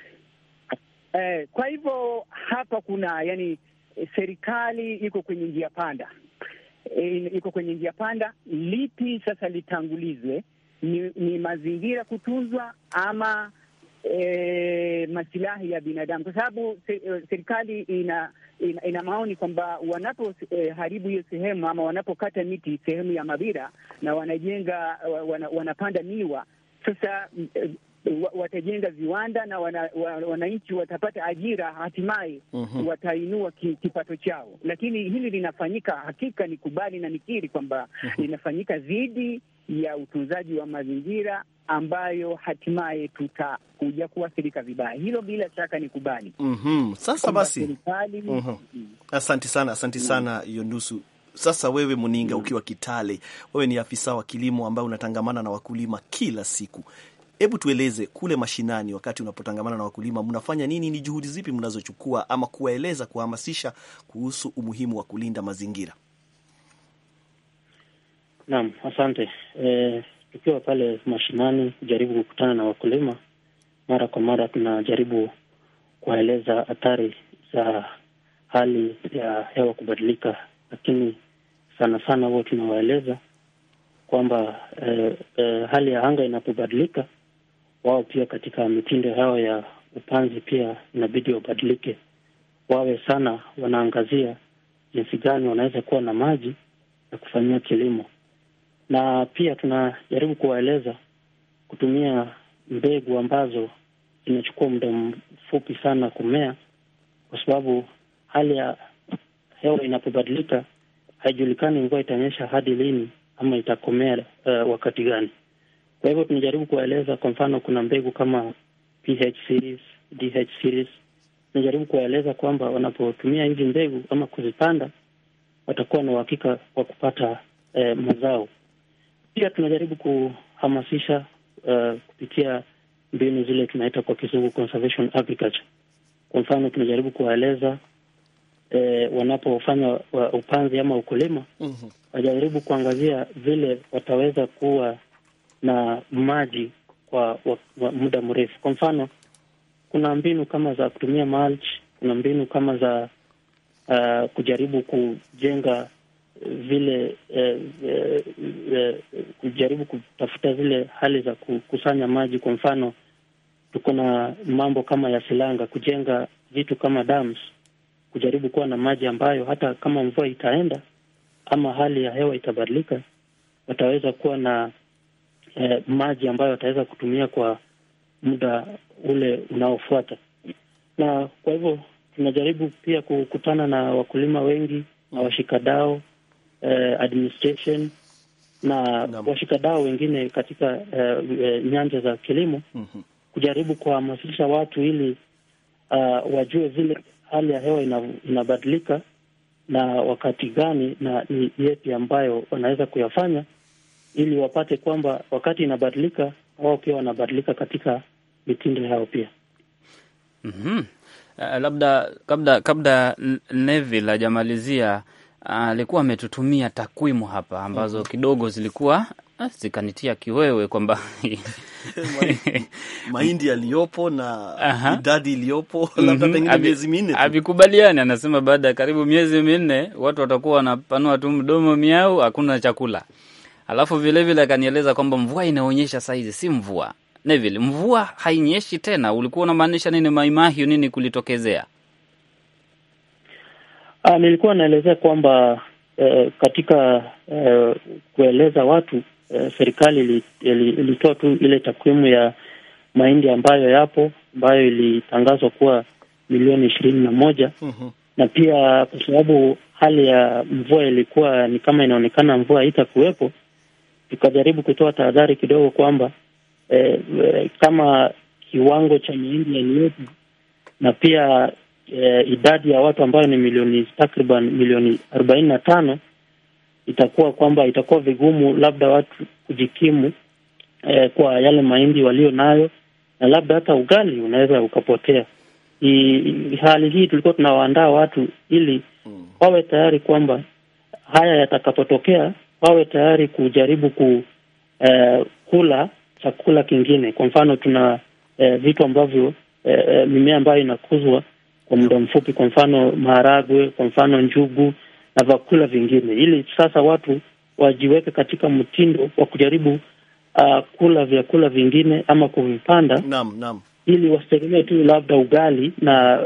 Eh, kwa hivyo hapa kuna yani serikali iko kwenye njia panda. Eh, iko kwenye njia panda. Lipi sasa litangulizwe? Ni, ni mazingira kutunzwa ama e, masilahi ya binadamu? Kwa sababu eh, serikali ina, ina, ina maoni kwamba wanapoharibu e, hiyo sehemu ama wanapokata miti sehemu ya Mabira na wanajenga wana, wanapanda miwa sasa watajenga viwanda na wananchi watapata ajira, hatimaye mhm. watainua ki, kipato chao. Lakini hili linafanyika, hakika ni kubali na nikiri kwamba mhm. linafanyika dhidi ya utunzaji wa mazingira ambayo hatimaye tutakuja kuathirika vibaya. Hilo bila shaka ni kubali.
mm -hmm. Sasa basi serikali...
Mhm. mm -hmm.
Asante sana, asante mm. sana mm -hmm. Yondusu. Sasa wewe Muninga, mm. ukiwa Kitale, wewe ni afisa wa kilimo ambaye unatangamana na wakulima kila siku. Hebu tueleze kule mashinani, wakati unapotangamana na wakulima, mnafanya nini? Ni juhudi zipi mnazochukua ama kuwaeleza, kuhamasisha kuhusu umuhimu wa kulinda mazingira?
Naam, asante. E, tukiwa pale mashinani kujaribu kukutana na wakulima mara kwa mara, tunajaribu kuwaeleza athari za hali ya hewa kubadilika, lakini sana sana huwa tunawaeleza kwamba eh, eh, hali ya anga inapobadilika wao pia katika mitindo yao ya upanzi pia inabidi wabadilike, wawe sana wanaangazia jinsi gani wanaweza kuwa na maji ya kufanyia kilimo, na pia tunajaribu kuwaeleza kutumia mbegu ambazo zinachukua muda mfupi sana kumea, kwa sababu hali ya hewa inapobadilika haijulikani mvua itanyesha hadi lini ama itakomea uh, wakati gani. Kwa hivyo tunajaribu kuwaeleza, kwa mfano, kuna mbegu kama PH series, DH series. Tunajaribu kuwaeleza kwamba wanapotumia hizi mbegu ama kuzipanda watakuwa na uhakika wa kupata eh, mazao. Pia tunajaribu kuhamasisha uh, kupitia mbinu zile tunaita kwa kizungu conservation agriculture. Kwa mfano, tunajaribu kuwaeleza E, wanapofanya upanzi ama ukulima mm -hmm. Wajaribu kuangazia vile wataweza kuwa na maji kwa wa, wa muda mrefu. Kwa mfano, kuna mbinu kama za kutumia mulch, kuna mbinu kama za uh, kujaribu kujenga vile eh, eh, eh, kujaribu kutafuta zile hali za kukusanya maji. Kwa mfano, tuko na mambo kama ya Silanga, kujenga vitu kama dams, kujaribu kuwa na maji ambayo hata kama mvua itaenda ama hali ya hewa itabadilika, wataweza kuwa na eh, maji ambayo wataweza kutumia kwa muda ule unaofuata. Na kwa hivyo tunajaribu pia kukutana na wakulima wengi na mm. washikadao eh, administration na washikadao wengine katika eh, eh, nyanja za kilimo mm -hmm. Kujaribu kuhamasisha watu ili uh, wajue vile hali ya hewa inabadilika na wakati gani na ni yepi ambayo wanaweza kuyafanya ili wapate kwamba wakati inabadilika wao pia wanabadilika katika mitindo yao pia.
mm -hmm. Uh, labda kabla kabla Neville hajamalizia eh, alikuwa uh, ametutumia takwimu hapa ambazo mm -hmm. kidogo zilikuwa eh, zikanitia kiwewe kwamba mahindi yaliyopo na -huh. idadi iliyopo mhm. labda mm -hmm. miezi minne havikubaliani. Anasema baada ya karibu miezi minne watu watakuwa wanapanua tu mdomo miau, hakuna chakula Alafu vilevile akanieleza kwamba mvua inaonyesha saizi, si mvua Neville, mvua hainyeshi tena. Ulikuwa unamaanisha nini? Maimahiu nini kulitokezea?
Ah, nilikuwa naelezea kwamba eh, katika eh, kueleza watu eh, serikali ilitoa tu ile takwimu ya mahindi ambayo yapo ambayo ilitangazwa kuwa milioni ishirini na moja uhum. Na pia kwa sababu hali ya mvua ilikuwa ni kama inaonekana mvua haitakuwepo, tukajaribu kutoa tahadhari kidogo kwamba eh, eh kama kiwango cha mahindi yaliyopo na pia eh, idadi ya watu ambayo ni milioni takriban milioni arobaini na tano itakuwa kwamba itakuwa vigumu labda watu kujikimu eh, kwa yale mahindi walio nayo na labda hata ugali unaweza ukapotea. I, hali hii tulikuwa tunawaandaa watu ili mm. wawe tayari kwamba haya yatakapotokea wawe tayari kujaribu ku, eh, kula chakula kingine. Kwa mfano tuna eh, vitu ambavyo eh, eh, mimea ambayo inakuzwa kwa muda mfupi, kwa mfano maharagwe, kwa mfano njugu na vyakula vingine, ili sasa watu wajiweke katika mtindo wa kujaribu uh, kula vyakula vingine ama kuvipanda. Naam, naam ili wasitegemee tu labda ugali na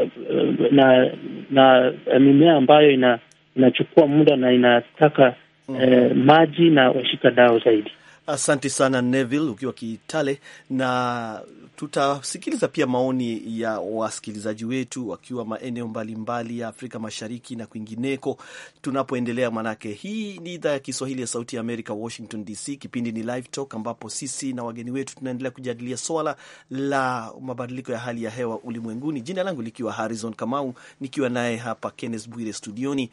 na na mimea ambayo ina inachukua muda na inataka Mm. eh, maji na washika dao zaidi. Asante
sana Neville, ukiwa Kitale, na tutasikiliza pia maoni ya wasikilizaji wetu wakiwa maeneo mbalimbali ya Afrika Mashariki na kwingineko tunapoendelea. Manake hii ni idhaa ya Kiswahili ya Sauti ya Amerika, Washington DC. Kipindi ni Live Talk, ambapo sisi na wageni wetu tunaendelea kujadilia swala la mabadiliko ya hali ya hewa ulimwenguni, jina langu likiwa Harrison Kamau, nikiwa naye hapa Kenneth Bwire studioni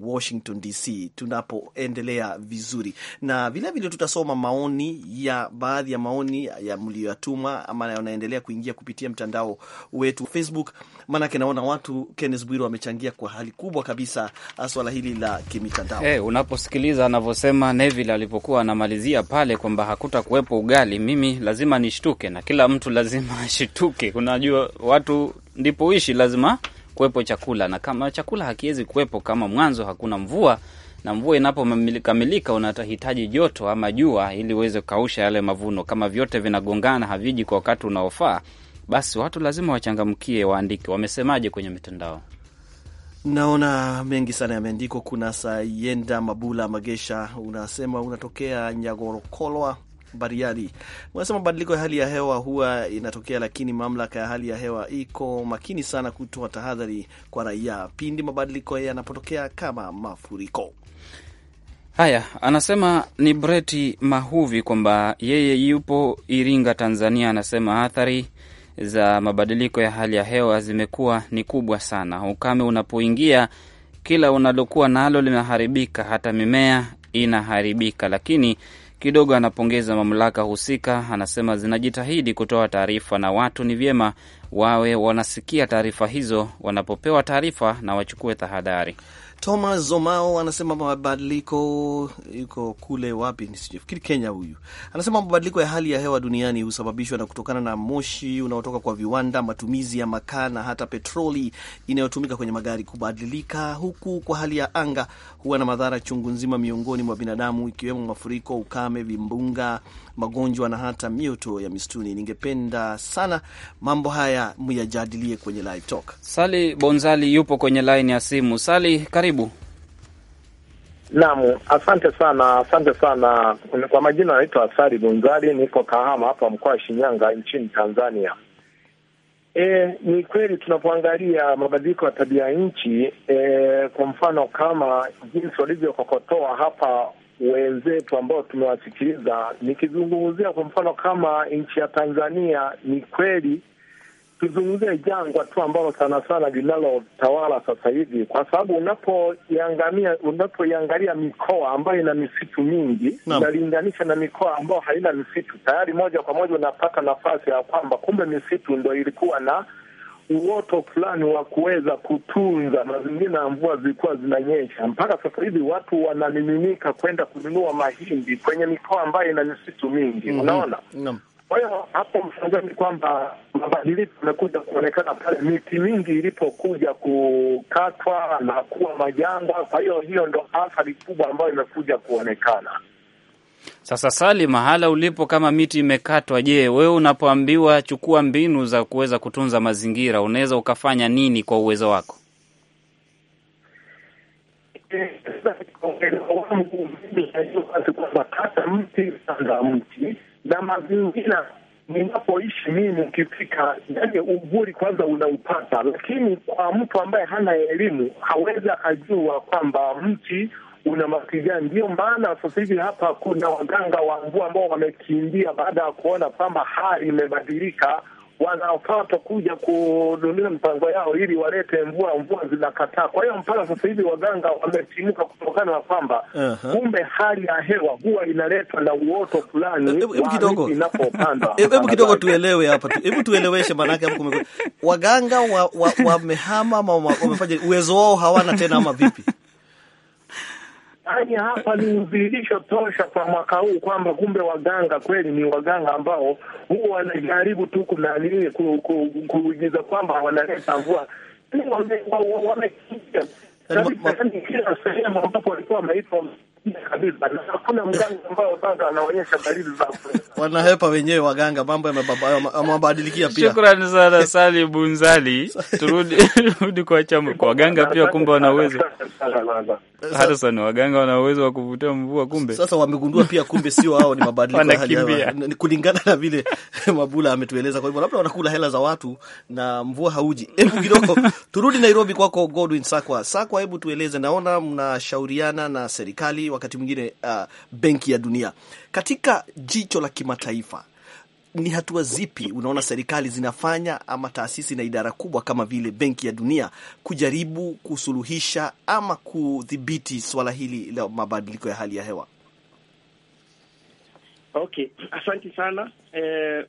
Washington DC tunapoendelea vizuri, na vilevile tutasoma maoni ya baadhi ya maoni ya mliyoyatuma ama yanaendelea kuingia kupitia mtandao wetu Facebook, maanake naona watu Kenneth Bwiro wamechangia kwa hali kubwa kabisa swala hili la kimitandao. Hey, eh,
unaposikiliza anavyosema Neville alipokuwa anamalizia pale kwamba hakuta kuwepo ugali, mimi lazima nishtuke na kila mtu lazima ashituke. Unajua watu ndipo ishi lazima kuwepo chakula, na kama chakula hakiwezi kuwepo kama mwanzo hakuna mvua, na mvua inapokamilika unahitaji joto ama jua ili uweze kukausha yale mavuno. Kama vyote vinagongana, haviji kwa wakati unaofaa, basi watu lazima wachangamkie. Waandike wamesemaje kwenye mitandao
Naona mengi sana yameandikwa. Kuna Sayenda Mabula Magesha unasema unatokea Nyagorokolwa Bariadi unasema mabadiliko ya hali ya hewa huwa inatokea, lakini mamlaka ya hali ya hewa iko makini sana kutoa tahadhari kwa raia pindi mabadiliko yanapotokea kama mafuriko
haya. Anasema ni Breti Mahuvi kwamba yeye yupo Iringa, Tanzania. Anasema athari za mabadiliko ya hali ya hewa zimekuwa ni kubwa sana. Ukame unapoingia, kila unalokuwa nalo linaharibika, hata mimea inaharibika, lakini kidogo anapongeza mamlaka husika, anasema zinajitahidi kutoa taarifa na watu ni vyema wawe wanasikia taarifa hizo, wanapopewa taarifa na wachukue tahadhari. Thomas
Zomao anasema mabadiliko, yuko kule wapi, nisijafikiri Kenya huyu, anasema mabadiliko ya hali ya hewa duniani husababishwa na kutokana na moshi unaotoka kwa viwanda, matumizi ya makaa na hata petroli inayotumika kwenye magari. Kubadilika huku kwa hali ya anga huwa na madhara chungu nzima miongoni mwa binadamu, ikiwemo mafuriko, ukame, vimbunga, magonjwa na hata mioto ya misituni. Ningependa sana mambo haya
myajadilie kwenye Live Talk. Sali Bonzali yupo kwenye laini ya simu. Sali, karibu karibu.
Naam, asante sana, asante sana. Kwa majina naitwa Asari Bunzari, niko Kahama hapa mkoa wa Shinyanga nchini Tanzania. E, ni kweli tunapoangalia mabadiliko ya tabia ya nchi e, kwa mfano kama jinsi walivyokokotoa hapa wenzetu ambao tumewasikiliza, nikizungumzia kwa mfano kama nchi ya Tanzania, ni kweli tuzungumzie jangwa tu ambalo sana sana linalotawala sasa hivi, kwa sababu unapoiangalia unapoiangalia mikoa ambayo ina misitu mingi unalinganisha na mikoa ambayo haina misitu, tayari moja kwa moja unapata nafasi ya kwamba kumbe misitu ndo ilikuwa na uoto fulani wa kuweza kutunza mazingira ya mvua zilikuwa zinanyesha. Mpaka sasa hivi watu wanamiminika kwenda kununua mahindi kwenye mikoa ambayo ina misitu mingi. mm -hmm. Unaona? Kwa hiyo hapo mfungani kwamba mabadiliko yamekuja kuonekana pale miti mingi ilipokuja kukatwa na kuwa majanga. Kwa hiyo hiyo ndo athari kubwa ambayo imekuja kuonekana.
Sasa Sali, mahala ulipo, kama miti imekatwa, je, wewe unapoambiwa chukua mbinu za kuweza kutunza mazingira, unaweza ukafanya nini kwa uwezo wako?
Eh, kwamba kata mti, panda mti na mazingira ninapoishi mimi, ukifika yani uzuri kwanza unaupata, lakini kwa mtu ambaye hana elimu hawezi akajua kwamba mti una masigani. Ndiyo maana sasa hivi hapa kuna waganga wa mvua ambao wamekimbia baada ya kuona kwamba hali imebadilika wanaopaswa kuja kudunia mpango yao ili walete mvua, mvua zinakataa. Kwa hiyo mpaka sasa hivi waganga wametimuka kutokana na kwamba kumbe uh -huh. hali ya hewa huwa inaletwa na uoto fulani
e, e, kidogo e, Hebu kidogo tuelewe hapa, hebu tueleweshe, maanake waganga wamehama wa, wa ama wamefanya uwezo wao hawana tena ama vipi?
Anya yaani hapa ni udhihirisho tosha kwa mwaka huu kwamba kumbe waganga kweli ni waganga ambao huwa wanajaribu tu kunanii kuigiza kwamba wanaleta mvua wamekia yaani yaani kila sehemu ambapo walikuwa wameitwa kabisa hakuna mganga anaonyesha
wanahepa wenyewe waganga, mambo yamebadilikia. Pia
shukrani sana Sali Bunzali, turudi turudi kwa chama kwa waganga pia, kumbe wanaweza hata sana waganga wana uwezo wa kuvutia mvua, kumbe sasa
wamegundua pia, kumbe sio hao, ni mabadiliko ya kulingana na vile Mabula ametueleza. Kwa hivyo labda wanakula hela za watu na mvua hauji. Hebu kidogo turudi Nairobi kwako kwa Godwin Sakwa. Sakwa, hebu tueleze, naona mnashauriana na serikali, wakati mwingine uh, Benki ya Dunia katika jicho la kimataifa ni hatua zipi unaona serikali zinafanya ama taasisi na idara kubwa kama vile Benki ya Dunia kujaribu kusuluhisha ama kudhibiti swala hili la mabadiliko ya hali ya hewa?
Okay,
asante sana. Eh,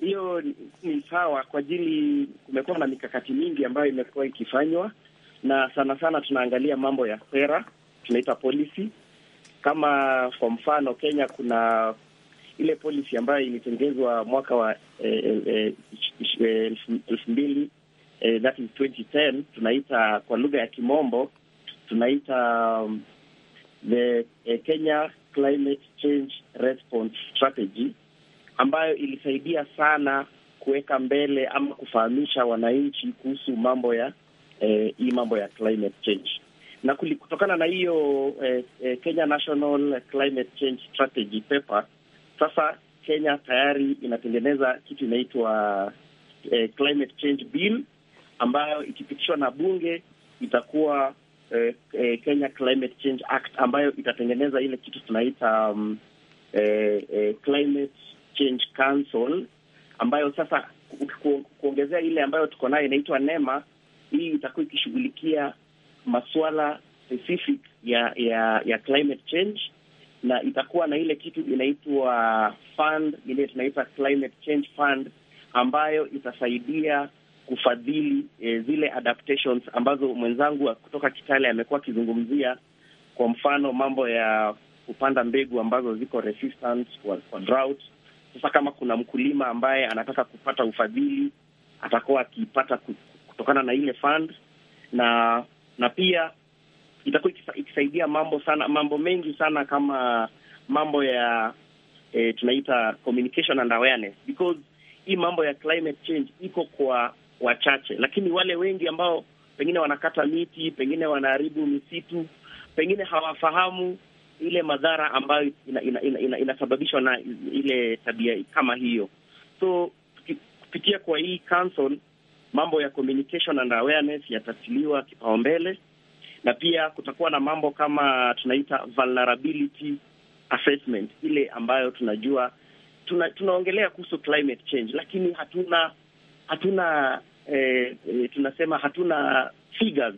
hiyo eh, ni sawa. Kwa ajili kumekuwa na mikakati mingi ambayo imekuwa ikifanywa, na sana sana tunaangalia mambo ya sera, tunaita policy. Kama kwa mfano Kenya kuna ile polisi ambayo ilitengezwa mwaka wa eh, eh, eh, elfu mbili that is 2010 tunaita kwa lugha ya Kimombo tunaita um, the uh, Kenya Climate Change Response Strategy ambayo ilisaidia sana kuweka mbele ama kufahamisha wananchi kuhusu mambo ya eh, hii mambo ya climate change na kutokana na hiyo eh, eh, Kenya National Climate Change Strategy paper sasa Kenya tayari inatengeneza kitu inaitwa eh, climate change bill ambayo ikipitishwa na bunge itakuwa eh, eh, Kenya Climate Change Act ambayo itatengeneza ile kitu tunaita um, eh, eh, Climate Change Council ambayo sasa kuongezea ile ambayo tuko nayo inaitwa NEMA. Hii itakuwa ikishughulikia masuala specific ya ya ya climate change na itakuwa na ile kitu inaitwa fund ile tunaita climate change fund ambayo itasaidia kufadhili e, zile adaptations ambazo mwenzangu kutoka Kitale amekuwa akizungumzia, kwa mfano mambo ya kupanda mbegu ambazo ziko resistant kwa, kwa drought. Sasa kama kuna mkulima ambaye anataka kupata ufadhili atakuwa akipata kutokana na ile fund, na na pia itakuwa ikisaidia mambo sana, mambo mengi sana, kama mambo ya e, tunaita communication and awareness, because hii mambo ya climate change iko kwa wachache, lakini wale wengi ambao pengine wanakata miti, pengine wanaharibu misitu, pengine hawafahamu ile madhara ambayo inasababishwa ina, ina, ina, ina na ile tabia kama hiyo. So kupitia kwa hii council, mambo ya communication and awareness yatatiliwa kipaumbele na pia kutakuwa na mambo kama tunaita vulnerability assessment, ile ambayo tunajua tuna, tunaongelea kuhusu climate change, lakini hatuna hatuna eh, eh tunasema hatuna figures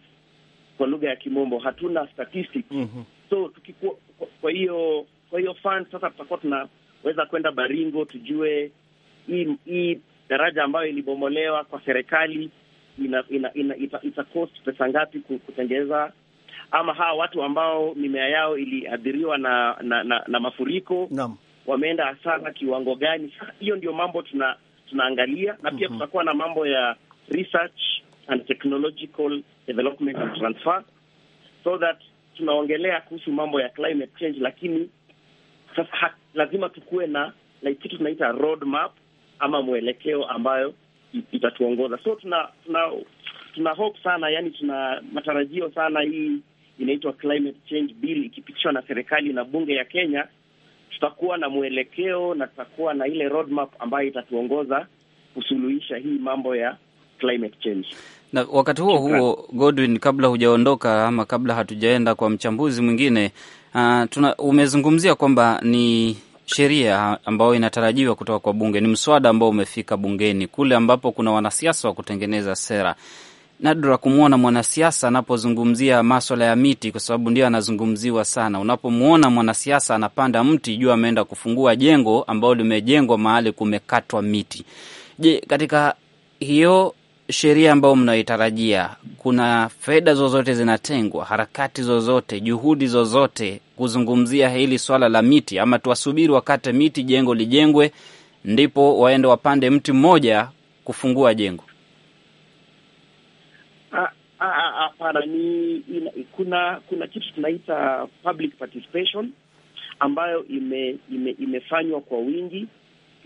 kwa lugha ya Kimombo, hatuna statistics mm -hmm. So tukikuwa, kwa hiyo kwa hiyo fund sasa tutakuwa tunaweza kwenda Baringo tujue hii hii daraja ambayo ilibomolewa kwa serikali ina, ina, ita, ita cost pesa ngapi kutengeneza ama hawa watu ambao mimea yao iliathiriwa na na, na, na mafuriko Nam. wameenda hasara kiwango gani? Sasa hiyo ndio mambo tuna, tunaangalia na pia mm -hmm. tutakuwa na mambo ya research and technological development and transfer so that tunaongelea kuhusu mambo ya climate change, lakini sasa ha, lazima tukuwe na like, kitu tunaita road map ama mwelekeo ambayo itatuongoza. So tuna, tuna, tuna hope sana, yani tuna matarajio sana hii inaitwa climate change bill ikipitishwa na serikali na bunge ya Kenya, tutakuwa na mwelekeo na tutakuwa na ile roadmap ambayo itatuongoza kusuluhisha hii mambo ya climate change.
Na wakati huo huo, Godwin, kabla hujaondoka ama kabla hatujaenda kwa mchambuzi mwingine, uh, tuna umezungumzia kwamba ni sheria ambayo inatarajiwa kutoka kwa bunge, ni mswada ambao umefika bungeni kule ambapo kuna wanasiasa wa kutengeneza sera nadra kumwona mwanasiasa anapozungumzia maswala ya miti, kwa sababu ndio anazungumziwa sana. Unapomwona mwanasiasa anapanda mti, jua ameenda kufungua jengo ambalo limejengwa mahali kumekatwa miti. Je, katika hiyo sheria ambayo mnaitarajia, kuna fedha zozote zinatengwa, harakati zozote, juhudi zozote kuzungumzia hili swala la miti, ama tuwasubiri wakate miti, jengo lijengwe, ndipo waende wapande mti mmoja kufungua jengo?
Ah, ah, ah, hapana, ni ina, kuna kuna kitu tunaita public participation ambayo ime, ime, imefanywa kwa wingi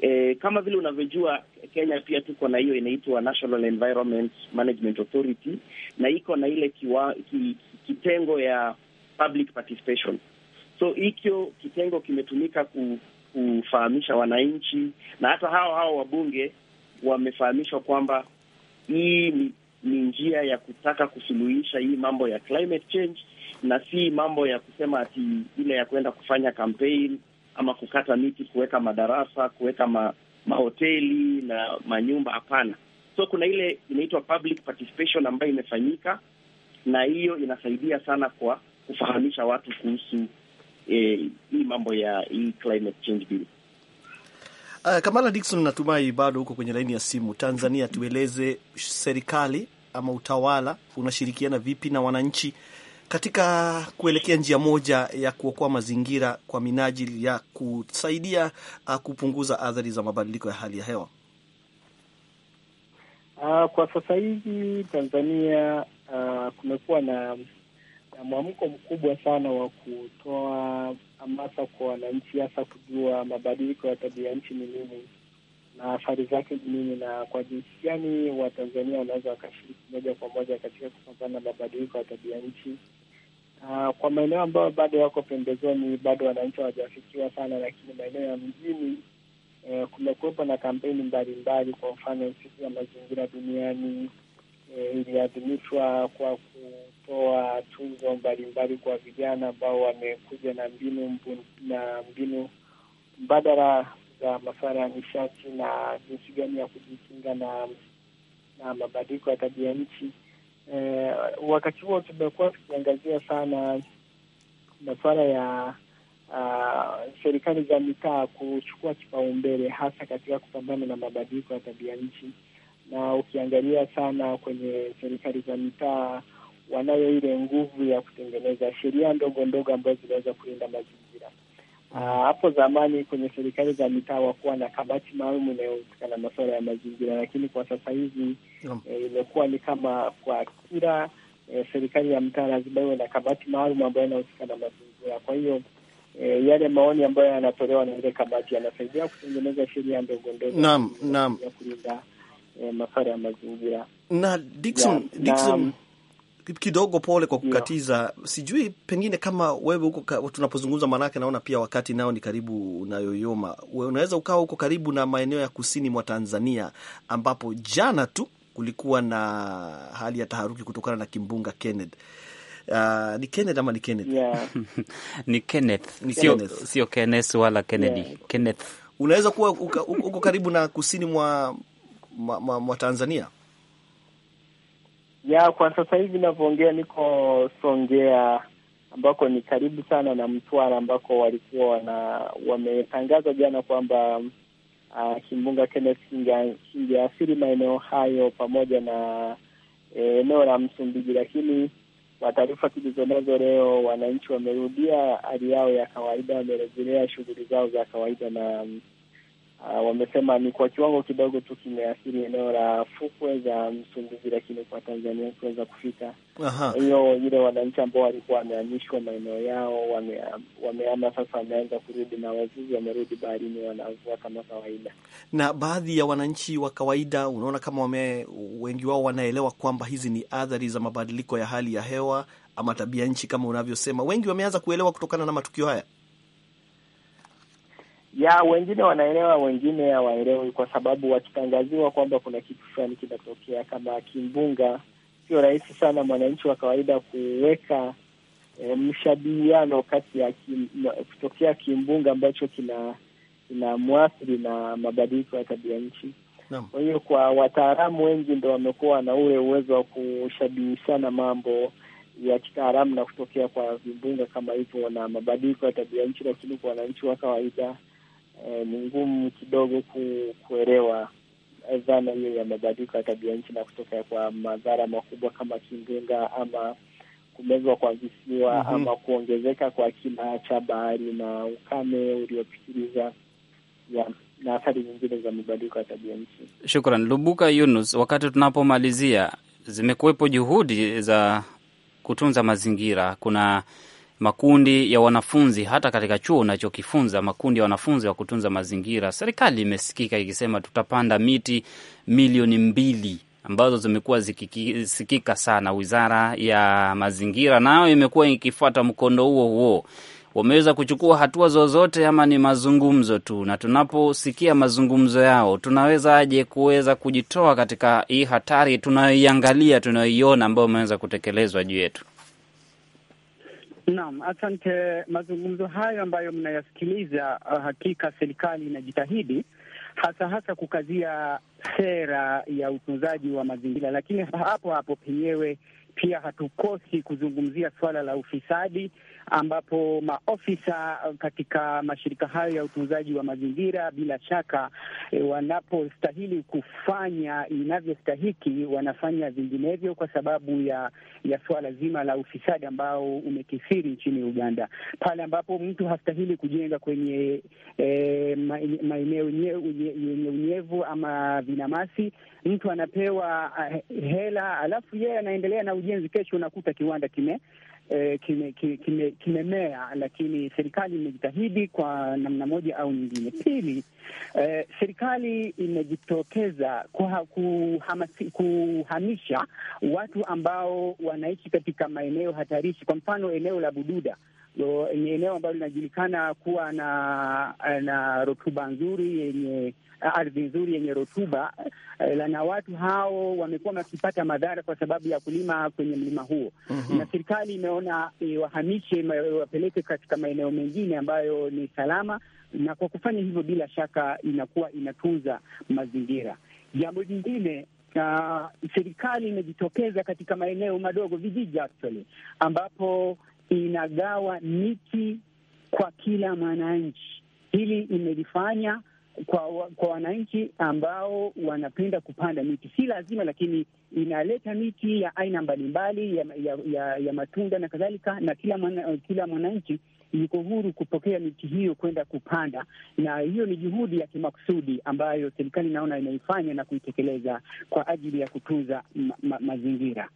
e, kama vile unavyojua Kenya pia tuko na hiyo inaitwa National Environment Management Authority na iko na ile kiwa, ki, kitengo ya public participation. So hikyo kitengo kimetumika ku, kufahamisha wananchi na hata hao hao wabunge wamefahamishwa kwamba hii ni ni njia ya kutaka kusuluhisha hii mambo ya climate change, na si mambo ya kusema ati ile ya kuenda kufanya campaign ama kukata miti, kuweka madarasa, kuweka ma, mahoteli na manyumba. Hapana. So kuna ile inaitwa public participation ambayo imefanyika, na hiyo inasaidia sana kwa kufahamisha watu kuhusu eh, hii mambo ya hii climate change bill.
Uh, Kamala Dikson, natumai bado huko kwenye laini ya simu. Tanzania, tueleze serikali ama utawala unashirikiana vipi na wananchi katika kuelekea njia moja ya kuokoa mazingira kwa minajili ya kusaidia uh, kupunguza athari za mabadiliko ya hali ya hewa?
Uh, kwa sasa hivi Tanzania uh, kumekuwa na mwamko mkubwa sana wa kutoa hamasa kwa wananchi, hasa kujua mabadiliko ya tabia nchi ni nini na athari zake ni nini, na kwa jinsi gani Watanzania wanaweza wakashiriki moja kwa moja katika kupambana na mabadiliko ya tabia nchi. Uh, kwa maeneo ambayo bado yako pembezoni, bado wananchi hawajafikiwa sana, lakini maeneo ya mjini eh, kumekuwepo na kampeni mbalimbali, kwa mfano siku ya mazingira duniani Eh, iliadhimishwa kwa kutoa tuzo mbalimbali kwa vijana ambao wamekuja na mbinu na mbinu mbadala za masuala ya nishati na jinsi gani ya kujikinga na, na mabadiliko ya tabia nchi. E, wakati huo tumekuwa tukiangazia sana masuala ya uh, serikali za mitaa kuchukua kipaumbele hasa katika kupambana na mabadiliko ya tabia nchi na ukiangalia sana kwenye serikali za mitaa, wanayo ile nguvu ya kutengeneza sheria ndogo ndogo ambazo zinaweza kulinda mazingira. Ah, hapo zamani kwenye serikali za mitaa wakuwa na kamati maalum inayohusika na masuala ya mazingira, lakini kwa sasa hivi eh, imekuwa ni kama kwa kila E, serikali ya mtaa lazima iwe na kamati maalum ambayo inahusika na mazingira. Kwa hiyo e, yale maoni ambayo yanatolewa na ile kamati yanasaidia kutengeneza sheria ndogo ndogo ya kulinda eh, masuala ya mazingira
na Dickson, yeah, Dickson na, kidogo pole kwa kukatiza yeah. Sijui pengine kama wewe huko tunapozungumza, maanake naona pia wakati nao ni karibu unayoyoma, unaweza ukawa huko karibu na maeneo ya kusini mwa Tanzania ambapo jana tu kulikuwa na hali ya taharuki kutokana na kimbunga Kenneth. Uh, ni Kenneth ama ni Kenneth? Yeah.
ni Kenneth, ni sio sio Kenneth wala Kennedy. Yeah. Kenneth.
Unaweza kuwa uko karibu na kusini mwa mwa, mwa, mwa Tanzania?
Ya, kwa sasa hivi ninavyoongea niko Songea ambako ni karibu sana na Mtwara ambako walikuwa wana wametangaza jana kwamba uh, kimbunga Kenneth kingeathiri maeneo hayo pamoja na eh, eneo la Msumbiji, lakini kwa taarifa tulizonazo leo wananchi wamerudia hali yao ya kawaida, wamerejelea shughuli zao za kawaida na um, Uh, wamesema ni kwa kiwango kidogo tu kimeathiri eneo la fukwe za Msumbiji, lakini kwa Tanzania kuweza kufika. hiyo ile wananchi ambao walikuwa wamehamishwa maeneo yao wameama, wame sasa wameanza kurudi, na wavuvi wamerudi baharini, wanavua kama kawaida.
Na baadhi ya wananchi wa kawaida, unaona kama wame, wengi wao wanaelewa kwamba hizi ni athari za mabadiliko ya hali ya hewa ama tabia nchi kama unavyosema, wengi wameanza kuelewa kutokana na matukio haya
ya wengine wanaelewa,
wengine hawaelewi, kwa sababu wakitangaziwa kwamba kuna kitu fulani kinatokea kama kimbunga, sio rahisi sana mwananchi wa kawaida kuweka e, mshabihiano kati ya kim, kutokea kimbunga ambacho kina kina mwathiri na mabadiliko ya tabia nchi. Kwa hiyo kwa wataalamu wengi ndo wamekuwa na ule uwezo wa kushabihishana mambo ya kitaalamu na kutokea kwa vimbunga kama hivyo na mabadiliko ya tabia nchi, lakini kwa wananchi wa kawaida eh, ni ngumu kidogo ku, kuelewa dhana hiyo ya mabadiliko ya tabia nchi na kutokea kwa madhara makubwa kama kimbinga ama kumezwa kwa visiwa mm -hmm. ama kuongezeka kwa kina cha bahari na ukame uliopitiliza na athari nyingine za mabadiliko ya tabia nchi.
Shukran Lubuka Yunus. Wakati tunapomalizia, zimekuwepo juhudi za kutunza mazingira, kuna makundi ya wanafunzi, hata katika chuo unachokifunza, makundi ya wanafunzi wa kutunza mazingira. Serikali imesikika ikisema tutapanda miti milioni mbili ambazo zimekuwa zikisikika sana. Wizara ya mazingira nayo imekuwa ikifuata mkondo huo huo. Wameweza kuchukua hatua zozote ama ni mazungumzo tu? Na tunaposikia mazungumzo yao, tunawezaje kuweza kujitoa katika hii hatari tunayoiangalia, tunayoiona ambayo imeweza kutekelezwa juu yetu?
Naam, asante. Mazungumzo hayo ambayo mnayasikiliza, uh, hakika serikali inajitahidi hasa hasa kukazia sera ya utunzaji wa mazingira, lakini hapo hapo penyewe pia hatukosi kuzungumzia suala la ufisadi, ambapo maofisa katika mashirika hayo ya utunzaji wa mazingira bila shaka e, wanapostahili kufanya inavyostahiki wanafanya vinginevyo, kwa sababu ya ya suala zima la ufisadi ambao umekithiri nchini Uganda. Pale ambapo mtu hastahili kujenga kwenye e, maeneo yenye unye, unyevu ama vinamasi, mtu anapewa hela alafu yeye anaendelea na ujenzi, kesho unakuta kiwanda kime kimemea eh, kime, kime, lakini serikali imejitahidi kwa namna moja au nyingine. Pili, eh, serikali imejitokeza kuhamasi, kuhamisha watu ambao wanaishi katika maeneo hatarishi, kwa mfano eneo la Bududa ni eneo ambalo linajulikana kuwa na, na rotuba nzuri yenye Eh, ardhi nzuri yenye rutuba, eh, na watu hao wamekuwa wakipata madhara kwa sababu ya kulima kwenye mlima huo mm -hmm. Na serikali imeona e, wahamishe wapeleke katika maeneo mengine ambayo ni salama, na kwa kufanya hivyo, bila shaka inakuwa inatunza mazingira. Jambo jingine Uh, serikali imejitokeza katika maeneo madogo vijiji, actually ambapo inagawa miti kwa kila mwananchi. Hili imelifanya kwa, kwa wananchi ambao wanapenda kupanda miti. Si lazima, lakini inaleta miti ya aina mbalimbali ya, ya, ya, ya matunda na kadhalika, na kila mwana, kila mwananchi yuko huru kupokea miti hiyo kwenda kupanda, na hiyo ni juhudi ya kimakusudi ambayo serikali inaona inaifanya na kuitekeleza kwa ajili ya kutunza ma, ma, mazingira.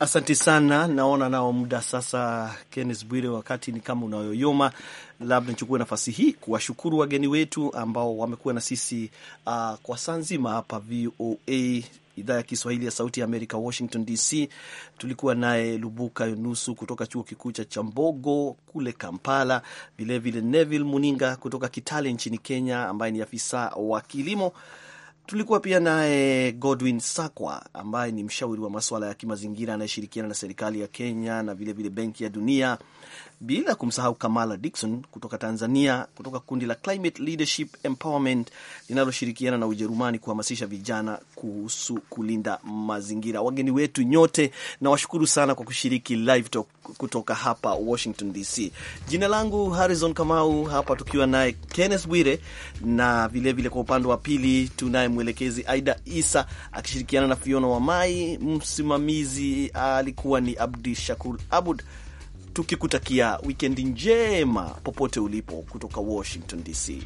Asante sana, naona nao muda sasa, Kennes Bwire, wakati ni kama unayoyoma. Labda nichukue nafasi hii kuwashukuru wageni wetu ambao wamekuwa na sisi uh, kwa saa nzima hapa VOA idhaa ya Kiswahili ya Sauti ya Amerika, Washington DC. Tulikuwa naye Lubuka Yunusu kutoka chuo kikuu cha Chambogo kule Kampala, vilevile Neville Muninga kutoka Kitale nchini Kenya, ambaye ni afisa wa kilimo Tulikuwa pia naye Godwin Sakwa ambaye ni mshauri wa masuala ya kimazingira anayeshirikiana na serikali ya Kenya na vilevile Benki ya Dunia bila kumsahau Kamala Dikson kutoka Tanzania, kutoka kundi la Climate Leadership Empowerment linaloshirikiana na Ujerumani kuhamasisha vijana kuhusu kulinda mazingira. Wageni wetu nyote, nawashukuru sana kwa kushiriki live talk kutoka hapa Washington DC. Jina langu Harrison Kamau, hapa tukiwa naye Kenneth Bwire na vilevile vile kwa upande wa pili tunaye mwelekezi Aida Isa akishirikiana na Fiona Wamai, msimamizi alikuwa ni Abdi Shakur Abud tukikutakia wikendi njema popote ulipo kutoka Washington DC.